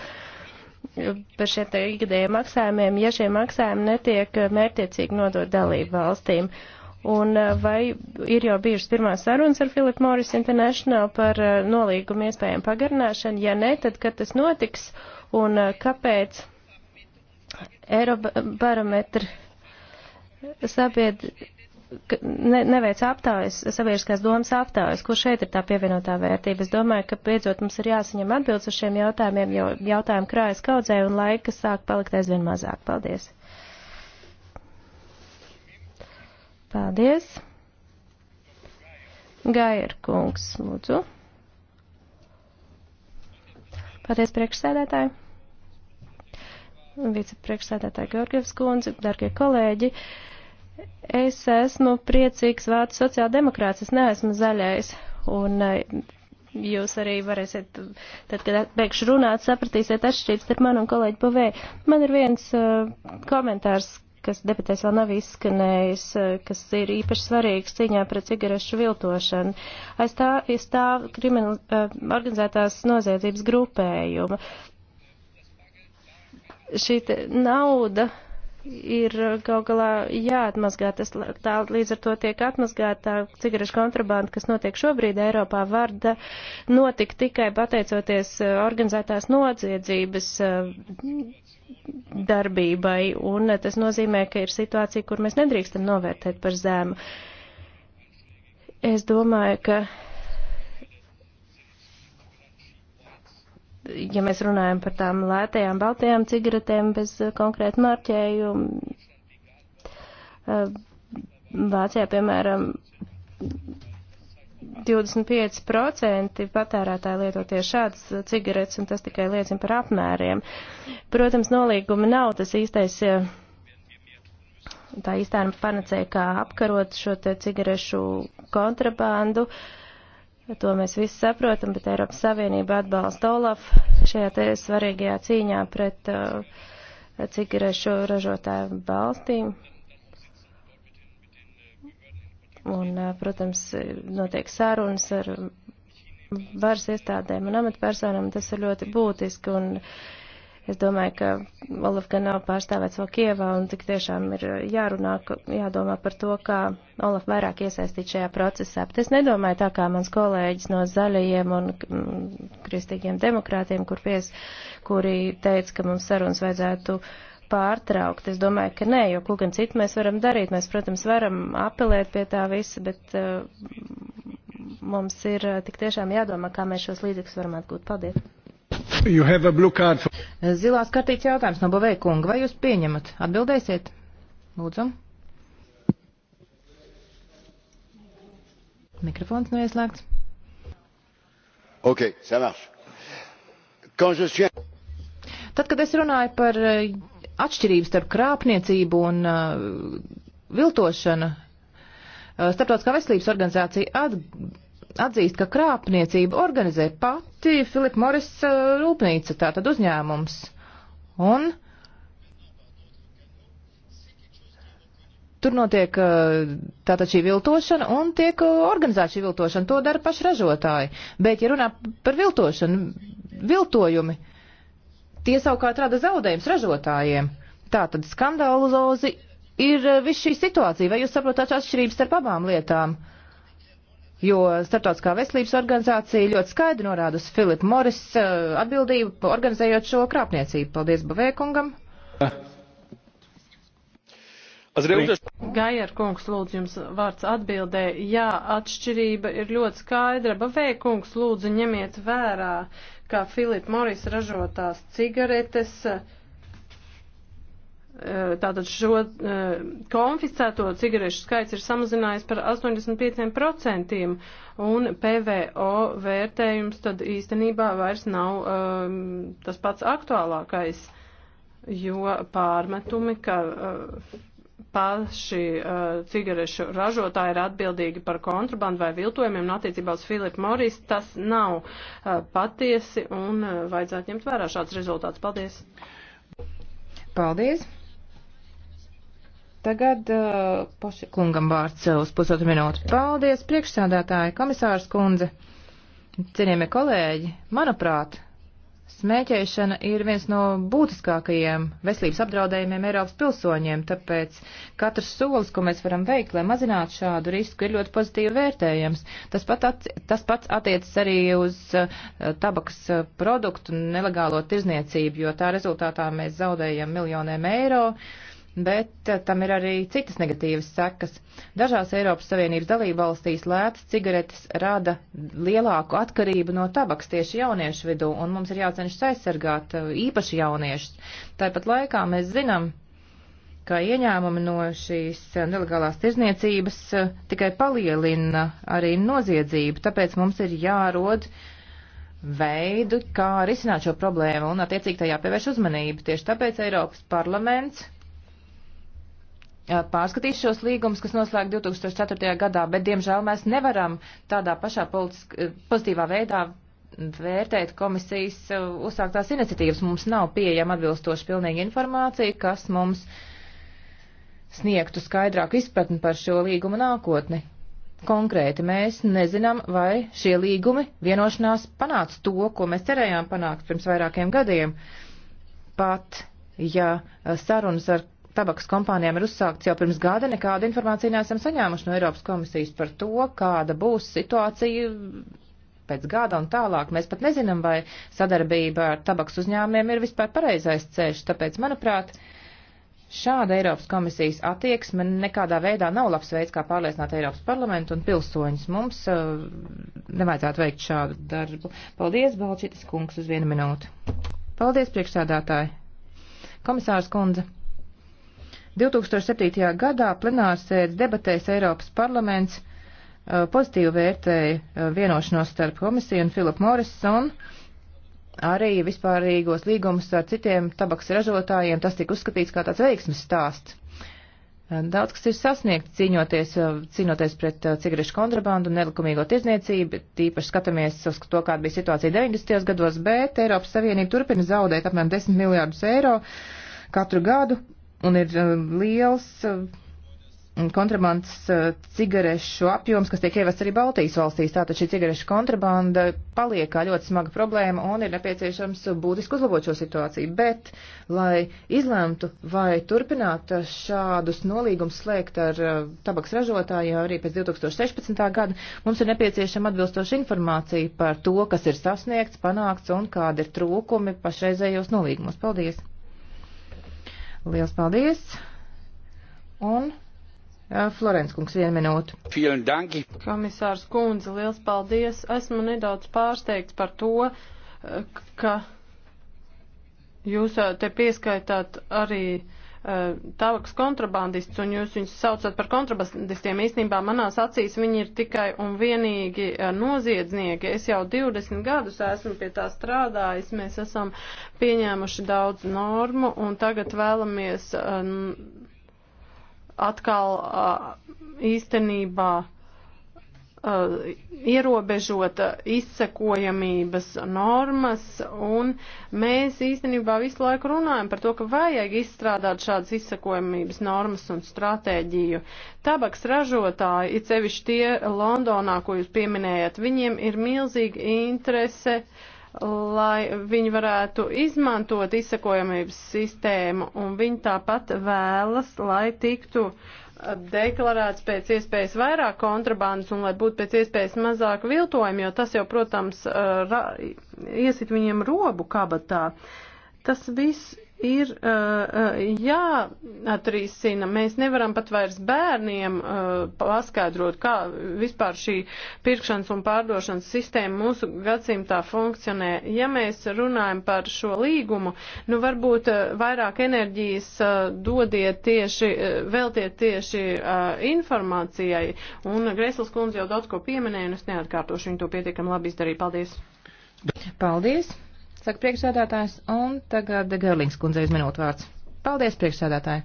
par šiem te ikgadējiem maksājumiem, ja šie maksājumi netiek mērtiecīgi nodot dalību valstīm. Un eh, vai ir jau bijušas pirmās sarunas ar Philip Morris International par eh, nolīgumu iespējām pagarināšanu? Ja ne, tad kad tas notiks un eh, kāpēc Eirobarometra sabied, ne, neveic aptājas, sabiedriskās domas aptājas, kur šeit ir tā pievienotā vērtība. Es domāju, ka beidzot mums ir jāsaņem atbildes uz šiem jautājumiem, jo jautājumi krājas kaudzē un laika sāk palikt aizvien mazāk. Paldies! Paldies! Gair kungs, lūdzu. Paldies priekšsēdētāji vicepriekšsēdētāja Georgievs kundze, darbie kolēģi. Es esmu priecīgs vārds sociāldemokrāts, es neesmu zaļais. Un eh, jūs arī varēsiet, tad, kad beigšu runāt, sapratīsiet atšķirības starp mani un kolēģi Pavē. Man ir viens uh, komentārs, kas debatēs vēl nav izskanējis, eh, kas ir īpaši svarīgs cīņā pret cigarešu viltošanu. Aiz tā, aiz tā kriminal, organizētās noziedzības grupējuma šī nauda ir gal galā jāatmazgā. Tas tā līdz ar to tiek atmazgāta cigarešu kontrabanda, kas notiek šobrīd Eiropā, var notikt tikai pateicoties eh, organizētās nodziedzības eh, darbībai, un eh, tas nozīmē, ka ir situācija, kur mēs nedrīkstam novērtēt par zēmu. Es domāju, ka ja mēs runājam par tām lētajām baltajām cigaretēm bez eh, konkrēta marķējuma, eh, Vācijā, piemēram, 25% patērētāji lieto tieši šādas eh, cigaretes, un tas tikai liecina par apmēriem. Protams, nolīguma nav tas īstais, tā īstā panacēja, kā apkarot šo te cigarešu kontrabandu. Uh, To mēs visi saprotam, bet Eiropas Savienība atbalsta Olaf šajā te svarīgajā cīņā pret uh, cigarešu ražotāju valstīm. Un, uh, protams, notiek sarunas ar varas iestādēm un amatpersonām, tas ir ļoti būtiski, un Es domāju, ka Olaf gan nav pārstāvēts vēl Kievā un tik tiešām ir uh, jārunā, jādomā par to, kā Olaf vairāk iesaistīt šajā procesā. Bet es nedomāju tā kā mans kolēģis no zaļajiem un mm, kristīgiem demokrātiem, kur pies, kuri teica, ka mums sarunas vajadzētu pārtraukt. Es domāju, ka nē, jo ko gan citu mēs varam darīt. Mēs, protams, varam apelēt pie tā visa, bet uh, mums ir uh, tik tiešām jādomā, kā mēs šos līdzekļus varam atgūt. Paldies! For... Zilās kartīts jautājums no Bavē kunga. Vai jūs pieņemat? Atbildēsiet? Lūdzu. Mikrofons noieslēgts. Ok, ça marche. Quand je suis... Tad, kad es runāju par eh, atšķirību starp krāpniecību un uh, viltošanu, uh, Starptautiskā veselības organizācija atgādāja atzīst, ka krāpniecību organizē pati Philip Morris eh, rūpnīca, tātad uzņēmums. Un tur notiek eh, tātad šī viltošana un tiek eh, organizēta šī viltošana. To dara paši ražotāji. Bet, ja runā par viltošanu, viltojumi, tie savukārt rada zaudējums ražotājiem. Tātad skandalozi ir viss šī situācija. Vai jūs saprotat atšķirības starp abām lietām? Uh, jo Startautiskā veselības organizācija ļoti skaidri norāda uz Filipa Moris uh, atbildību, organizējot šo krāpniecību. Paldies Bavēkungam. Gajer kungs, lūdzu, jums vārds atbildē. Jā, atšķirība ir ļoti skaidra. Bavēkungs, lūdzu, ņemiet vērā, ka Filipa Moris ražotās cigaretes. Uh, Eh, tātad šo eh, konfiscēto cigarešu skaits ir samazinājies par 85% un PVO vērtējums tad īstenībā vairs nav um, tas pats aktuālākais, jo pārmetumi, ka uh, paši uh, cigarešu ražotāji ir atbildīgi par kontrabandu vai viltojumiem un attiecībā uz Filipu Morīs, tas nav uh, patiesi un uh, vajadzētu ņemt vērā šāds rezultāts. Paldies! Paldies! Tagad uh, Poši kungam vārds uh, uz pusotru minūtu. Paldies, priekšsādātāji, komisārs kundze, cienījamie kolēģi. Manuprāt, smēķēšana ir viens no būtiskākajiem veselības apdraudējumiem Eiropas pilsoņiem, tāpēc katrs solis, ko mēs varam veikt, lai mazinātu šādu risku, ir ļoti pozitīvi vērtējams. Tas, pat at, tas pats attiecas arī uz uh, tabakas uh, produktu nelegālo tirzniecību, jo tā rezultātā mēs zaudējam miljoniem eiro. Uh, bet eh, tam ir arī citas negatīvas sekas. Dažās Eiropas Savienības dalībvalstīs lētas cigaretes rada lielāku atkarību no tabaks tieši jauniešu vidū, un mums ir jācenšas aizsargāt eh, īpaši jauniešus. Tāpat laikā mēs zinām, ka ieņēmumi no šīs eh, nelegālās tirzniecības tikai palielina arī noziedzību, tāpēc mums ir jārod veidu, kā risināt šo problēmu un attiecīgi tajā pievērš uzmanību. Tieši tāpēc Eiropas parlaments pārskatīs šos līgumus, kas noslēgt 2004. gadā, bet, diemžēl, mēs nevaram tādā pašā pozitīvā veidā vērtēt komisijas uzsāktās iniciatīvas. Mums nav pieejama atbilstoša pilnīga informācija, kas mums sniegtu skaidrāku izpratni par šo līgumu nākotni. Konkrēti mēs nezinām, vai šie līgumi vienošanās panāca to, ko mēs cerējām panākt pirms vairākiem gadiem. Pat ja sarunas ar tabaks kompānijām ir uzsākts jau pirms gada, nekādu informāciju neesam saņēmuši no Eiropas komisijas par to, kāda būs situācija pēc gada un tālāk. Mēs pat nezinām, vai sadarbība ar tabaks uzņēmumiem ir vispār pareizais ceļš, tāpēc, manuprāt, Šāda Eiropas komisijas attieksme nekādā veidā nav labs veids, kā pārliecināt Eiropas parlamentu un pilsoņus. Mums uh, nevajadzētu veikt šādu darbu. Paldies, Balčitis kungs, uz vienu minūti. Paldies, priekšsādātāji. Komisārs kundze. 2007. gadā plenārsēdes debatēs Eiropas parlaments uh, pozitīvi vērtēja uh, vienošanos starp komisiju un Filipu Morrisonu, arī vispārīgos līgumus ar citiem tabaks ražotājiem. Tas tika uzskatīts kā tāds veiksmes stāsts. Uh, daudz kas ir sasniegts cīņoties, cīnoties pret cigarešu kontrabandu un nelikumīgo tirzniecību, tīpaši skatāmies uz to, kāda bija situācija 90. gados, bet Eiropas Savienība turpina zaudēt apmēram 10 miljārdus eiro katru gadu un ir uh, liels uh, kontrabandas uh, cigarešu apjoms, kas tiek ievests arī Baltijas valstīs. Tātad šī cigarešu kontrabanda paliek kā ļoti smaga problēma un ir nepieciešams būtiski uzlabot šo situāciju. Bet, lai izlemtu vai turpināt šādus nolīgumus slēgt ar tabaks ražotājiem arī pēc 2016. gada, mums ir nepieciešama atbilstoša informācija par to, kas ir sasniegts, panākts un kādi ir trūkumi pašreizējos nolīgumos. Paldies! Liels paldies! Un eh, Florence kungs, vienu minūtu. Komisārs kundze, liels paldies. Esmu nedaudz pārsteigts par to, eh, ka jūs eh, te pieskaitāt arī Eh, tabaks kontrabandists un jūs viņus saucat par kontrabandistiem. Īstenībā manās acīs viņi ir tikai un vienīgi eh, noziedznieki. Es jau 20 gadus esmu pie tā strādājis, mēs esam pieņēmuši daudz normu un tagad vēlamies eh, atkal īstenībā Uh, ierobežota izsekojamības normas, un mēs īstenībā visu laiku runājam par to, ka vajag izstrādāt šādas izsekojamības normas un stratēģiju. Tabaks ražotāji, it sevišķi tie Londonā, ko jūs pieminējat, viņiem ir milzīga interese uh, lai viņi varētu izmantot izsakojamības sistēmu, un viņi tāpat vēlas, lai tiktu deklarēts pēc iespējas vairāk kontrabandas un lai būtu pēc iespējas mazāk viltojumi, jo tas jau, protams, uh, ra, iesit viņiem robu kabatā. Tas viss ir uh, uh, jāatrisina. Mēs nevaram pat vairs bērniem uh, paskaidrot, kā vispār šī pirkšanas un pārdošanas sistēma mūsu gadsimtā funkcionē. Ja mēs runājam par šo līgumu, nu varbūt uh, vairāk enerģijas uh, dodiet tieši, uh, veltiet tieši uh, informācijai. Un Gresls kundze jau daudz ko pieminēja, un es neatkārtošu viņu to pietiekami labi izdarīju. Paldies! Paldies! saka priekšsēdētājs, un tagad Gerlings kundzei uz minūtu vārds. Paldies, priekšsēdētāji!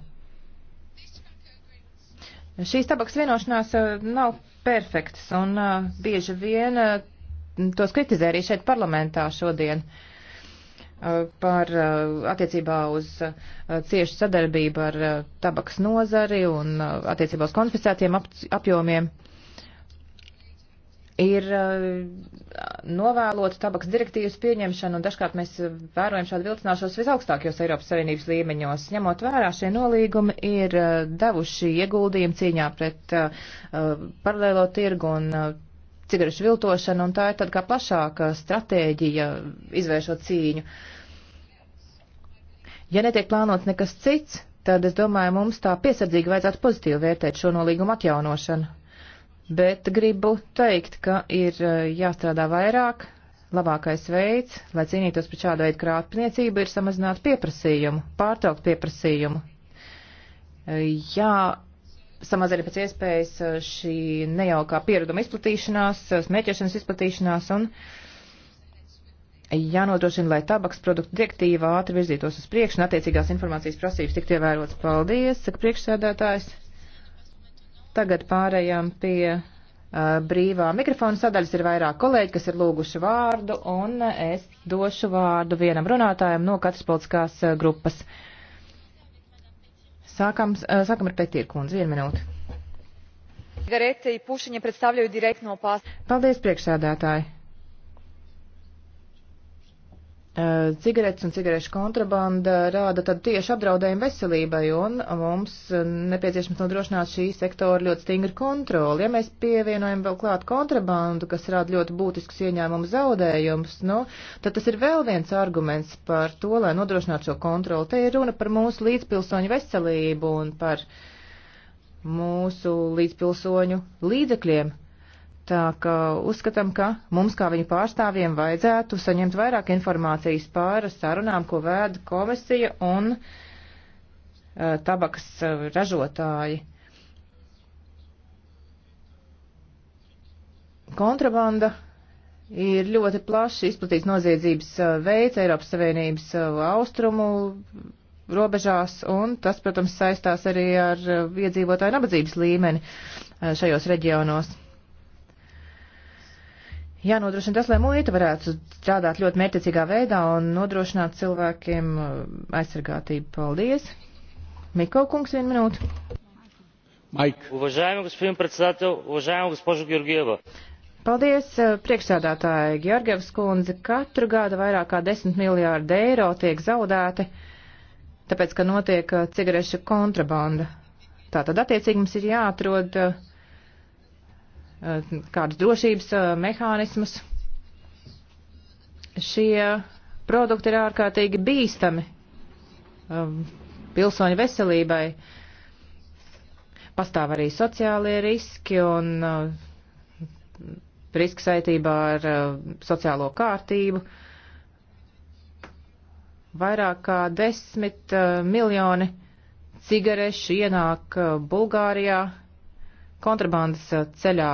Šīs tabaks vienošanās eh, nav perfektas, un eh, bieži vien eh, tos kritizē arī šeit parlamentā šodien par attiecībā uz ciešu sadarbību ar tabaks nozari un attiecībā uz konfiscētiem apjomiem ir uh, novēlota tabaks direktīvas pieņemšana, un dažkārt mēs vērojam šādu vilcināšos visaugstākajos Eiropas Savienības līmeņos. Ņemot vērā šie nolīgumi ir uh, devuši ieguldījumu cīņā pret uh, uh, paralēlo tirgu un uh, cigarešu viltošanu, un tā ir tad kā plašāka stratēģija izvēršot cīņu. Ja netiek plānots nekas cits, tad es domāju, mums tā piesardzīgi vajadzētu pozitīvi vērtēt šo nolīgumu atjaunošanu bet gribu teikt, ka ir eh, jāstrādā vairāk. Labākais veids, lai cīnītos pret šādu veidu krāpniecību, ir samazināt pieprasījumu, pārtraukt pieprasījumu. Eh, jā, samazina pēc iespējas eh, šī nejaukā piereduma izplatīšanās, smēķēšanas izplatīšanās un jānodrošina, lai tabaks produktu direktīva ātri virzītos uz priekšu un attiecīgās informācijas prasības tiktu ievērotas. Paldies, saka priekšsēdētājs. Tagad pārējām pie uh, brīvā mikrofona sadaļas. Ir vairāk kolēģi, kas ir lūguši vārdu, un es došu vārdu vienam runātājam no katras politiskās uh, grupas. Sākam, uh, sākam ar Petīrkundzi. Vienu minūti. Paldies, priekšsēdētāji. Eh, cigaretes un cigarešu kontrabanda rāda tad tieši apdraudējumu veselībai, un mums eh, nepieciešams nodrošināt šī sektora ļoti stingru kontroli. Ja mēs pievienojam vēl klāt kontrabandu, kas rāda ļoti būtiskus ieņēmumu zaudējumus, nu, tad tas ir vēl viens arguments par to, lai nodrošinātu šo kontroli. Te ir runa par mūsu līdzpilsoņu veselību un par mūsu līdzpilsoņu līdzekļiem, Tā ka uzskatām, ka mums kā viņu pārstāvjiem vajadzētu saņemt vairāk informācijas par sarunām, ko vēda komisija un uh, tabakas ražotāji. Kontrabanda ir ļoti plaši izplatīts noziedzības veids Eiropas Savienības austrumu robežās, un tas, protams, saistās arī ar iedzīvotāju nabadzības līmeni šajos reģionos jānodrošina tas, lai muita varētu strādāt ļoti mērķiecīgā veidā un nodrošināt cilvēkiem uh, aizsargātību. Paldies! Miko kungs, vienu minūtu. Maik. Уважаеми господин председател, уважаема госпожо Георгиева. Paldies, uh, priekšsādātāja Georgievs kundze. Katru gadu vairāk kā 10 miljārdi eiro tiek zaudēti, tāpēc, ka notiek uh, cigarešu kontrabanda. Tātad, attiecīgi, mums ir jāatrod uh, Eh, kādus drošības eh, mehānismus. Šie produkti ir ārkārtīgi bīstami eh, pilsoņu veselībai. Pastāv arī sociālie riski un riski saistībā ar sociālo kārtību. Vairāk kā desmit miljoni cigarešu ienāk Bulgārijā kontrabandas ceļā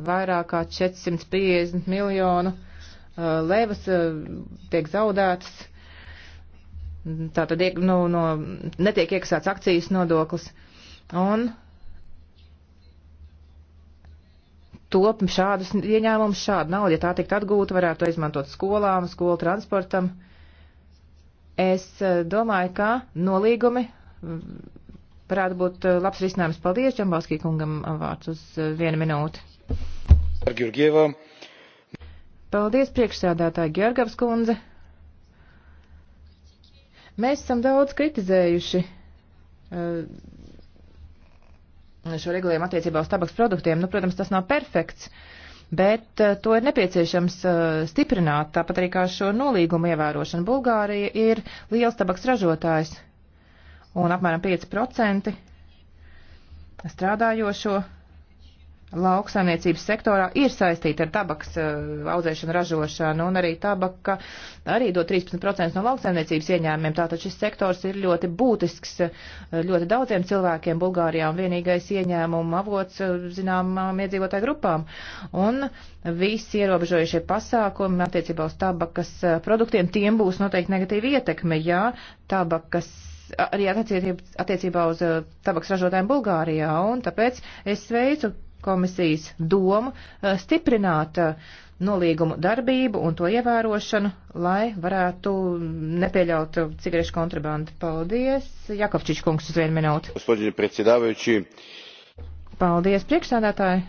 vairāk kā 450 miljonu uh, levas uh, tiek zaudētas. Tātad nu, no, netiek iekasēts akcijas nodoklis. Un top šādus ieņēmumus, šādu naudu, ja tā tiktu atgūta, varētu izmantot skolām, skolu transportam. Es uh, domāju, ka nolīgumi varētu būt labs risinājums. Paldies, Čambalskī kungam, vārds uz vienu minūti. Georgieva. Paldies, priekšsēdētāji Georgavs kundze. Mēs esam daudz kritizējuši eh, šo regulējumu attiecībā uz tabaks produktiem. Nu, protams, tas nav perfekts, bet eh, to ir nepieciešams eh, stiprināt, tāpat arī kā šo nolīgumu ievērošanu. Bulgārija ir liels tabaks ražotājs un apmēram 5% strādājošo lauksaimniecības sektorā ir saistīta ar tabaks uh, audzēšanu, ražošanu, un arī tabaka arī dod 13% no lauksaimniecības ieņēmumiem. Tātad šis sektors ir ļoti būtisks uh, ļoti daudziem cilvēkiem Bulgārijā un vienīgais ieņēmuma avots uh, zināmām iedzīvotāju grupām. Un visi ierobežojušie pasākumi attiecībā uz tabakas produktiem, tiem būs noteikti negatīva ietekme, ja tabakas arī attiecībā uz tabaks ražotājiem Bulgārijā, un tāpēc es sveicu komisijas domu eh, stiprināt eh, nolīgumu darbību un to ievērošanu, lai varētu nepieļaut cigarešu kontrabandu. Paldies. Jakovčič kungs uz vienu minūti. Paldies, priekšsādātāji.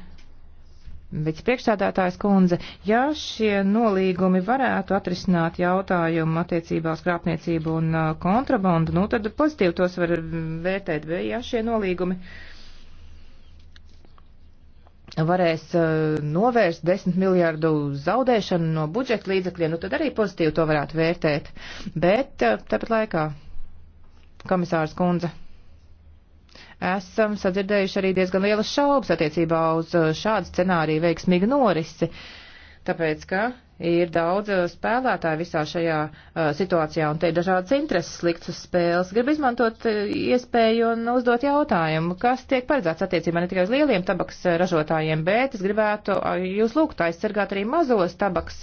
Vicepriekšsādātājs kundze, ja šie nolīgumi varētu atrisināt jautājumu attiecībā uz krāpniecību un eh, kontrabandu, nu tad pozitīvi tos var vērtēt, bet ja šie nolīgumi uh, varēs eh, novērst 10 miljārdu zaudēšanu no budžeta līdzekļiem, nu tad arī pozitīvi to varētu vērtēt. Bet eh, tāpat laikā, komisārs kundze, esam sadzirdējuši arī diezgan lielas šaubas attiecībā uz eh, šādu scenāriju veiksmīgu norisi. Uh, tāpēc, ka ir daudz uh, spēlētāju visā šajā uh, situācijā, un te ir dažādas intereses likts uz spēles. Gribu izmantot uh, iespēju un uzdot jautājumu, kas tiek paredzēts attiecībā ne tikai uz lieliem tabaks uh, ražotājiem, bet es gribētu jūs lūgt aizsargāt arī mazos tabaks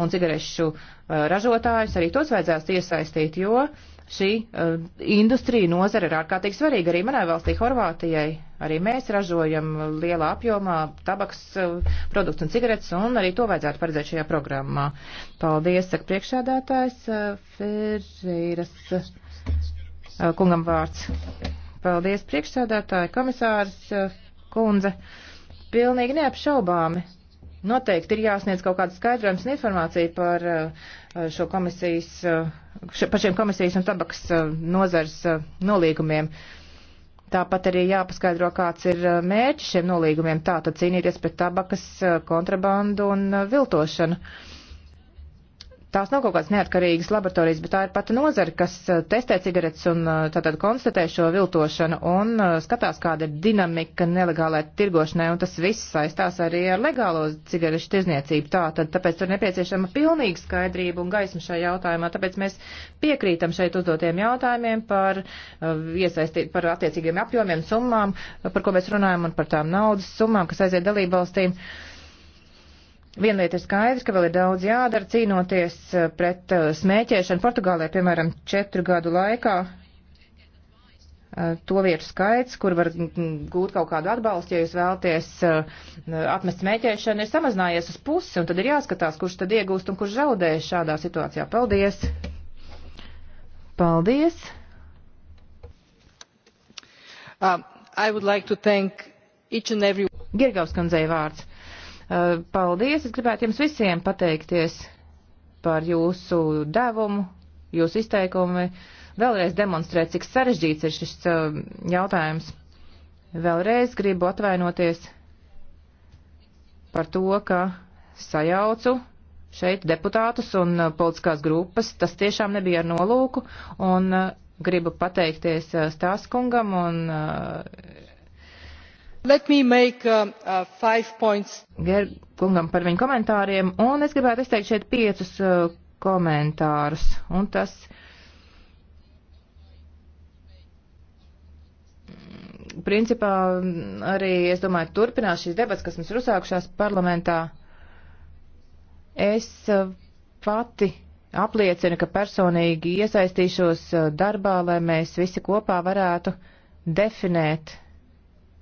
un cigarešu ražotājus, arī tos vajadzētu iesaistīt, jo šī uh, industrija nozara ir ārkārtīgi svarīga arī manai valstī, Horvātijai. Arī mēs ražojam lielā apjomā tabaks uh, eh, produktus un cigaretes, un arī to vajadzētu paredzēt šajā programmā. Paldies, saka priekšādātājs uh, eh, Ferreiras uh, kungam vārds. Paldies, priekšsādātāji, komisārs uh, kundze. Pilnīgi neapšaubāmi. Noteikti ir jāsniedz kaut kāds skaidrojums un informācija par uh, Eh, šo komisijas, eh, še, par šiem komisijas un tabakas eh, nozars nolīgumiem. Tāpat arī jāpaskaidro, kāds ir mērķis šiem nolīgumiem. Tā tad cīnīties pret tabakas kontrabandu un viltošanu. Uh, Tās nav kaut kādas neatkarīgas laboratorijas, bet tā ir pati nozara, kas uh, testē cigaretes un uh, tātad konstatē šo viltošanu un uh, skatās, kāda ir dinamika nelegālai tirgošanai, un tas viss saistās arī ar legālo cigarešu tirzniecību. Tātad, tāpēc tur nepieciešama pilnīga skaidrība un gaisma šajā jautājumā, tāpēc mēs piekrītam šeit uzdotiem jautājumiem par iesaistīt, par attiecīgiem apjomiem, summām, par ko mēs runājam, un par tām naudas summām, kas aiziet dalībvalstīm. valstīm Viena lieta ir skaidrs, ka vēl ir daudz jādara cīnoties eh, pret eh, smēķēšanu. Portugālē, piemēram, četru gadu laikā eh, to vietu skaits, kur var gūt kaut kādu atbalstu, ja jūs vēlaties atmest smēķēšanu, ir samazinājies uz pusi, un tad ir jāskatās, kurš tad iegūst un kurš zaudē šādā situācijā. Paldies! Paldies! Uh, like every... Girgaus kundzei vārds. Eh, paldies! Es gribētu jums visiem pateikties par jūsu devumu, jūsu izteikumi. Vēlreiz demonstrēt, cik sarežģīts ir šis eh, jautājums. Vēlreiz gribu atvainoties par to, ka sajaucu šeit deputātus un eh, politiskās grupas. Tas tiešām nebija ar nolūku, un gribu pateikties Stāskungam un Uh, uh, Gerkungam par viņu komentāriem, un es gribētu izteikt šeit piecus uh, komentārus, un tas mm, principā mm, arī, es domāju, turpinās šīs debats, kas mums ir uzsākušās parlamentā. Es uh, pati apliecinu, ka personīgi iesaistīšos uh, darbā, lai mēs visi kopā varētu definēt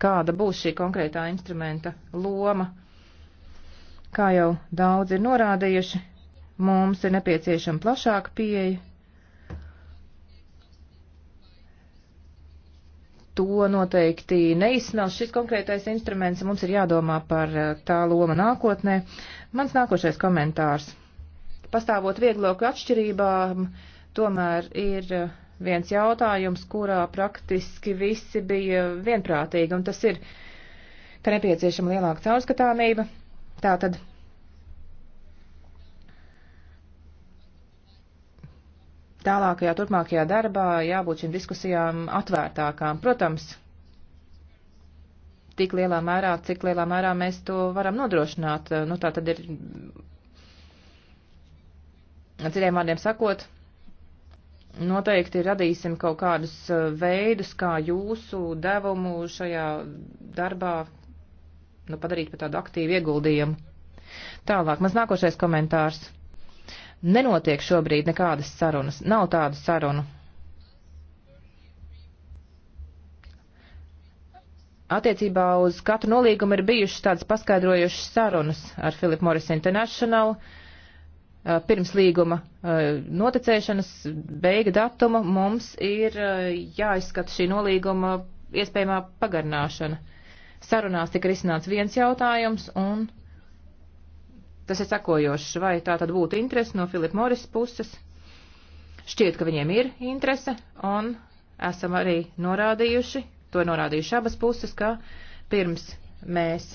kāda būs šī konkrētā instrumenta loma. Kā jau daudz ir norādījuši, mums ir nepieciešama plašāka pieeja. To noteikti neizsmels šis konkrētais instruments, mums ir jādomā par eh, tā loma nākotnē. Mans nākošais komentārs. Pastāvot vieglokļu atšķirībām, tomēr ir eh, viens jautājums, kurā praktiski visi bija vienprātīgi, un tas ir, ka nepieciešama lielāka caurskatāmība. Tātad tālākajā, turpmākajā darbā jābūt šīm diskusijām atvērtākām. Protams, tik lielā mērā, cik lielā mērā mēs to varam nodrošināt. Nu, tā tad ir, citiem vārdiem sakot, noteikti radīsim kaut kādus eh, veidus, kā jūsu devumu šajā darbā nu, padarīt par tādu aktīvu ieguldījumu. Tālāk, mans nākošais komentārs. Nenotiek šobrīd nekādas sarunas, nav tādu sarunu. Attiecībā uz katru nolīgumu ir bijušas tādas paskaidrojušas sarunas ar Philip Morris International, uh, Eh, pirms līguma eh, noticēšanas beiga datuma mums ir eh, jāizskata šī nolīguma iespējamā pagarināšana. Sarunās tika risināts viens jautājums, un tas ir sakojošs, vai tā tad būtu interese no Filipa Moris puses. Šķiet, ka viņiem ir interese, un esam arī norādījuši, to ir norādījuši abas puses, ka pirms mēs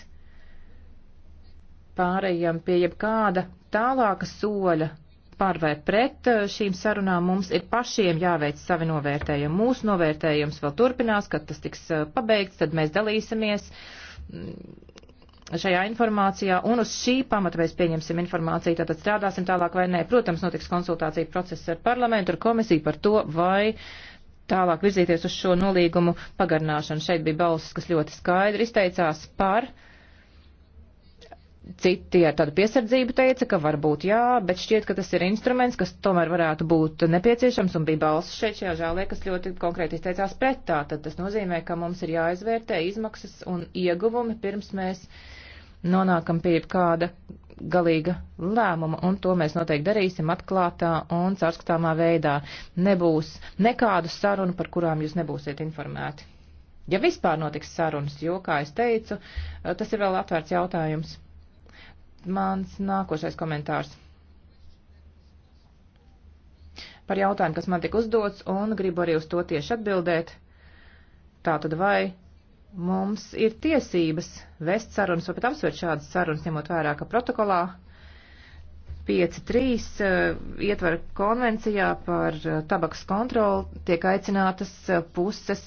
pārējām pie jebkāda tālāka soļa par vai pret eh, šīm sarunām mums ir pašiem jāveic savi novērtējumi. Mūsu novērtējums vēl turpinās, kad tas tiks eh, pabeigts, tad mēs dalīsimies mm, šajā informācijā un uz šī pamata mēs pieņemsim informāciju, tātad strādāsim tālāk vai nē. Protams, notiks konsultācija process ar parlamentu, ar komisiju par to, vai tālāk virzīties uz šo nolīgumu pagarināšanu. Šeit bija balsis, kas ļoti skaidri izteicās par uh, Citi ar tādu piesardzību teica, ka varbūt jā, bet šķiet, ka tas ir instruments, kas tomēr varētu būt nepieciešams, un bija balss šeit šajā žālē, kas ļoti konkrēti izteicās pret tā. Tad tas nozīmē, ka mums ir jāizvērtē izmaksas un ieguvumi, pirms mēs nonākam pie kāda galīga lēmuma, un to mēs noteikti darīsim atklātā un caurskatāmā veidā. Nebūs nekādu sarunu, par kurām jūs nebūsiet informēti. Ja vispār notiks sarunas, jo, kā es teicu, tas ir vēl atvērts jautājums mans nākošais komentārs. Par jautājumu, kas man tika uzdots, un gribu arī uz to tieši atbildēt. Tātad vai mums ir tiesības vest sarunas vai pat apsvērt šādas sarunas, ņemot vērā, ka protokolā 5.3 eh, ietver konvencijā par eh, tabakas kontroli tiek aicinātas eh, puses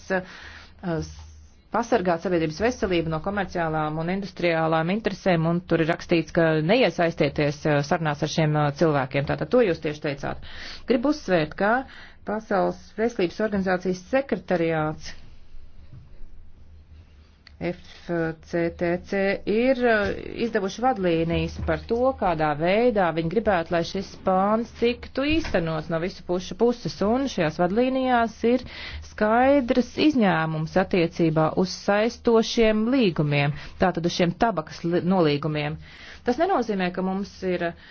pasargāt sabiedrības veselību no komerciālām un industriālām interesēm, un tur ir rakstīts, ka neiesaistieties eh, sarunās ar šiem eh, cilvēkiem. Tātad to jūs tieši teicāt. Gribu uzsvērt, ka Pasaules veselības organizācijas sekretariāts FCTC ir eh, izdevuši vadlīnijas par to, kādā veidā viņi gribētu, lai šis plāns tiktu īstenots no visu pušu puses, un šajās vadlīnijās ir skaidrs izņēmums attiecībā uz saistošiem līgumiem, tātad uz šiem tabakas nolīgumiem. Tas nenozīmē, ka mums ir uh,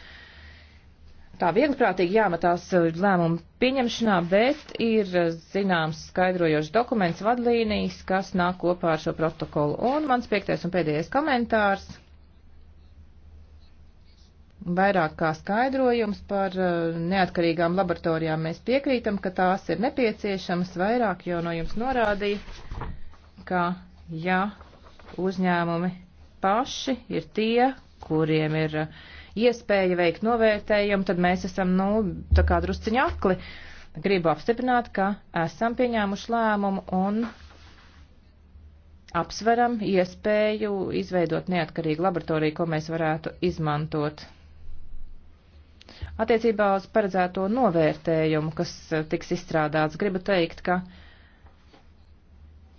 tā vienprātīgi jāmetās eh, lēmumu pieņemšanā, bet ir eh, zināms skaidrojošs dokuments vadlīnijas, kas nāk kopā ar šo protokolu. Un mans piektais un pēdējais komentārs. Vairāk kā skaidrojums par eh, neatkarīgām laboratorijām mēs piekrītam, ka tās ir nepieciešamas. Vairāk jau no jums norādīja, ka ja uzņēmumi paši ir tie, kuriem ir uh, iespēja veikt novērtējumu, tad mēs esam, nu, tā kā drusciņi akli. Gribu apstiprināt, ka esam pieņēmuši lēmumu un apsveram iespēju izveidot neatkarīgu laboratoriju, ko mēs varētu izmantot. Attiecībā uz paredzēto novērtējumu, kas eh, tiks izstrādāts, gribu teikt, ka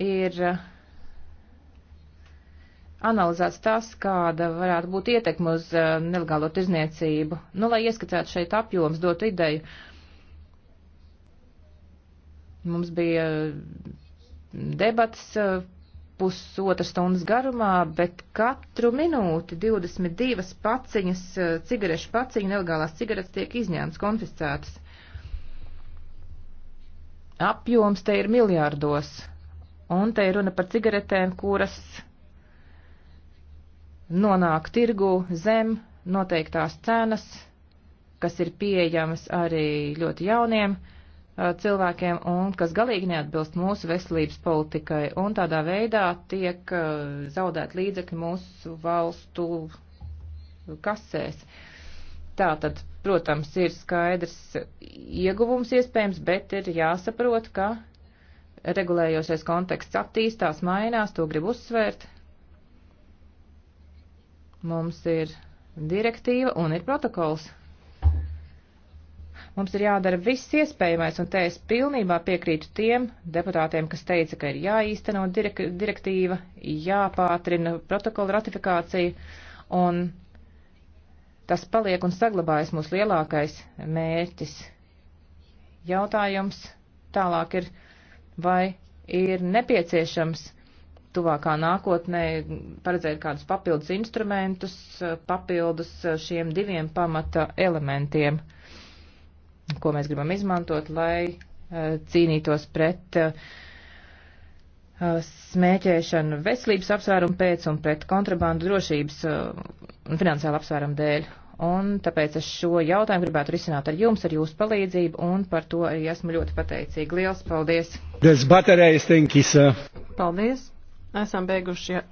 ir analizēts tas, kāda varētu būt ietekme uz uh, nelegālo tirzniecību. Nu, lai ieskicētu šeit apjoms, dotu ideju, mums bija mm, debats uh, eh, pusotras stundas garumā, bet katru minūti 22 paciņas, uh, cigarešu paciņu, nelegālās cigaretes tiek izņēmtas, konfiscētas. Apjoms te ir miljārdos, un te ir runa par cigaretēm, kuras nonāk tirgu zem noteiktās cenas, kas ir pieejamas arī ļoti jauniem cilvēkiem un kas galīgi neatbilst mūsu veselības politikai. Un tādā veidā tiek zaudēt līdzekļi mūsu valstu kasēs. Tātad, protams, ir skaidrs ieguvums iespējams, bet ir jāsaprot, ka regulējošais konteksts attīstās, mainās, to grib uzsvērt, Mums ir direktīva un ir protokols. Mums ir jādara viss iespējamais, un te es pilnībā piekrītu tiem deputātiem, kas teica, ka ir jāīsteno direk direktīva, jāpātrina protokola ratifikācija, un tas paliek un saglabājas mūsu lielākais mērķis. Jautājums tālāk ir, vai ir nepieciešams tuvākā nākotnē paredzēt kādus papildus instrumentus, eh, papildus eh, šiem diviem pamata elementiem, ko mēs gribam izmantot, lai eh, cīnītos pret smēķēšanu veselības apsvērumu pēc un pret kontrabandu drošības un finansiālu apsvērumu dēļ. Un tāpēc es šo jautājumu gribētu risināt ar jums, ar jūsu palīdzību, un par to arī esmu ļoti pateicīga. Lielas paldies! Paldies! Esam beiguši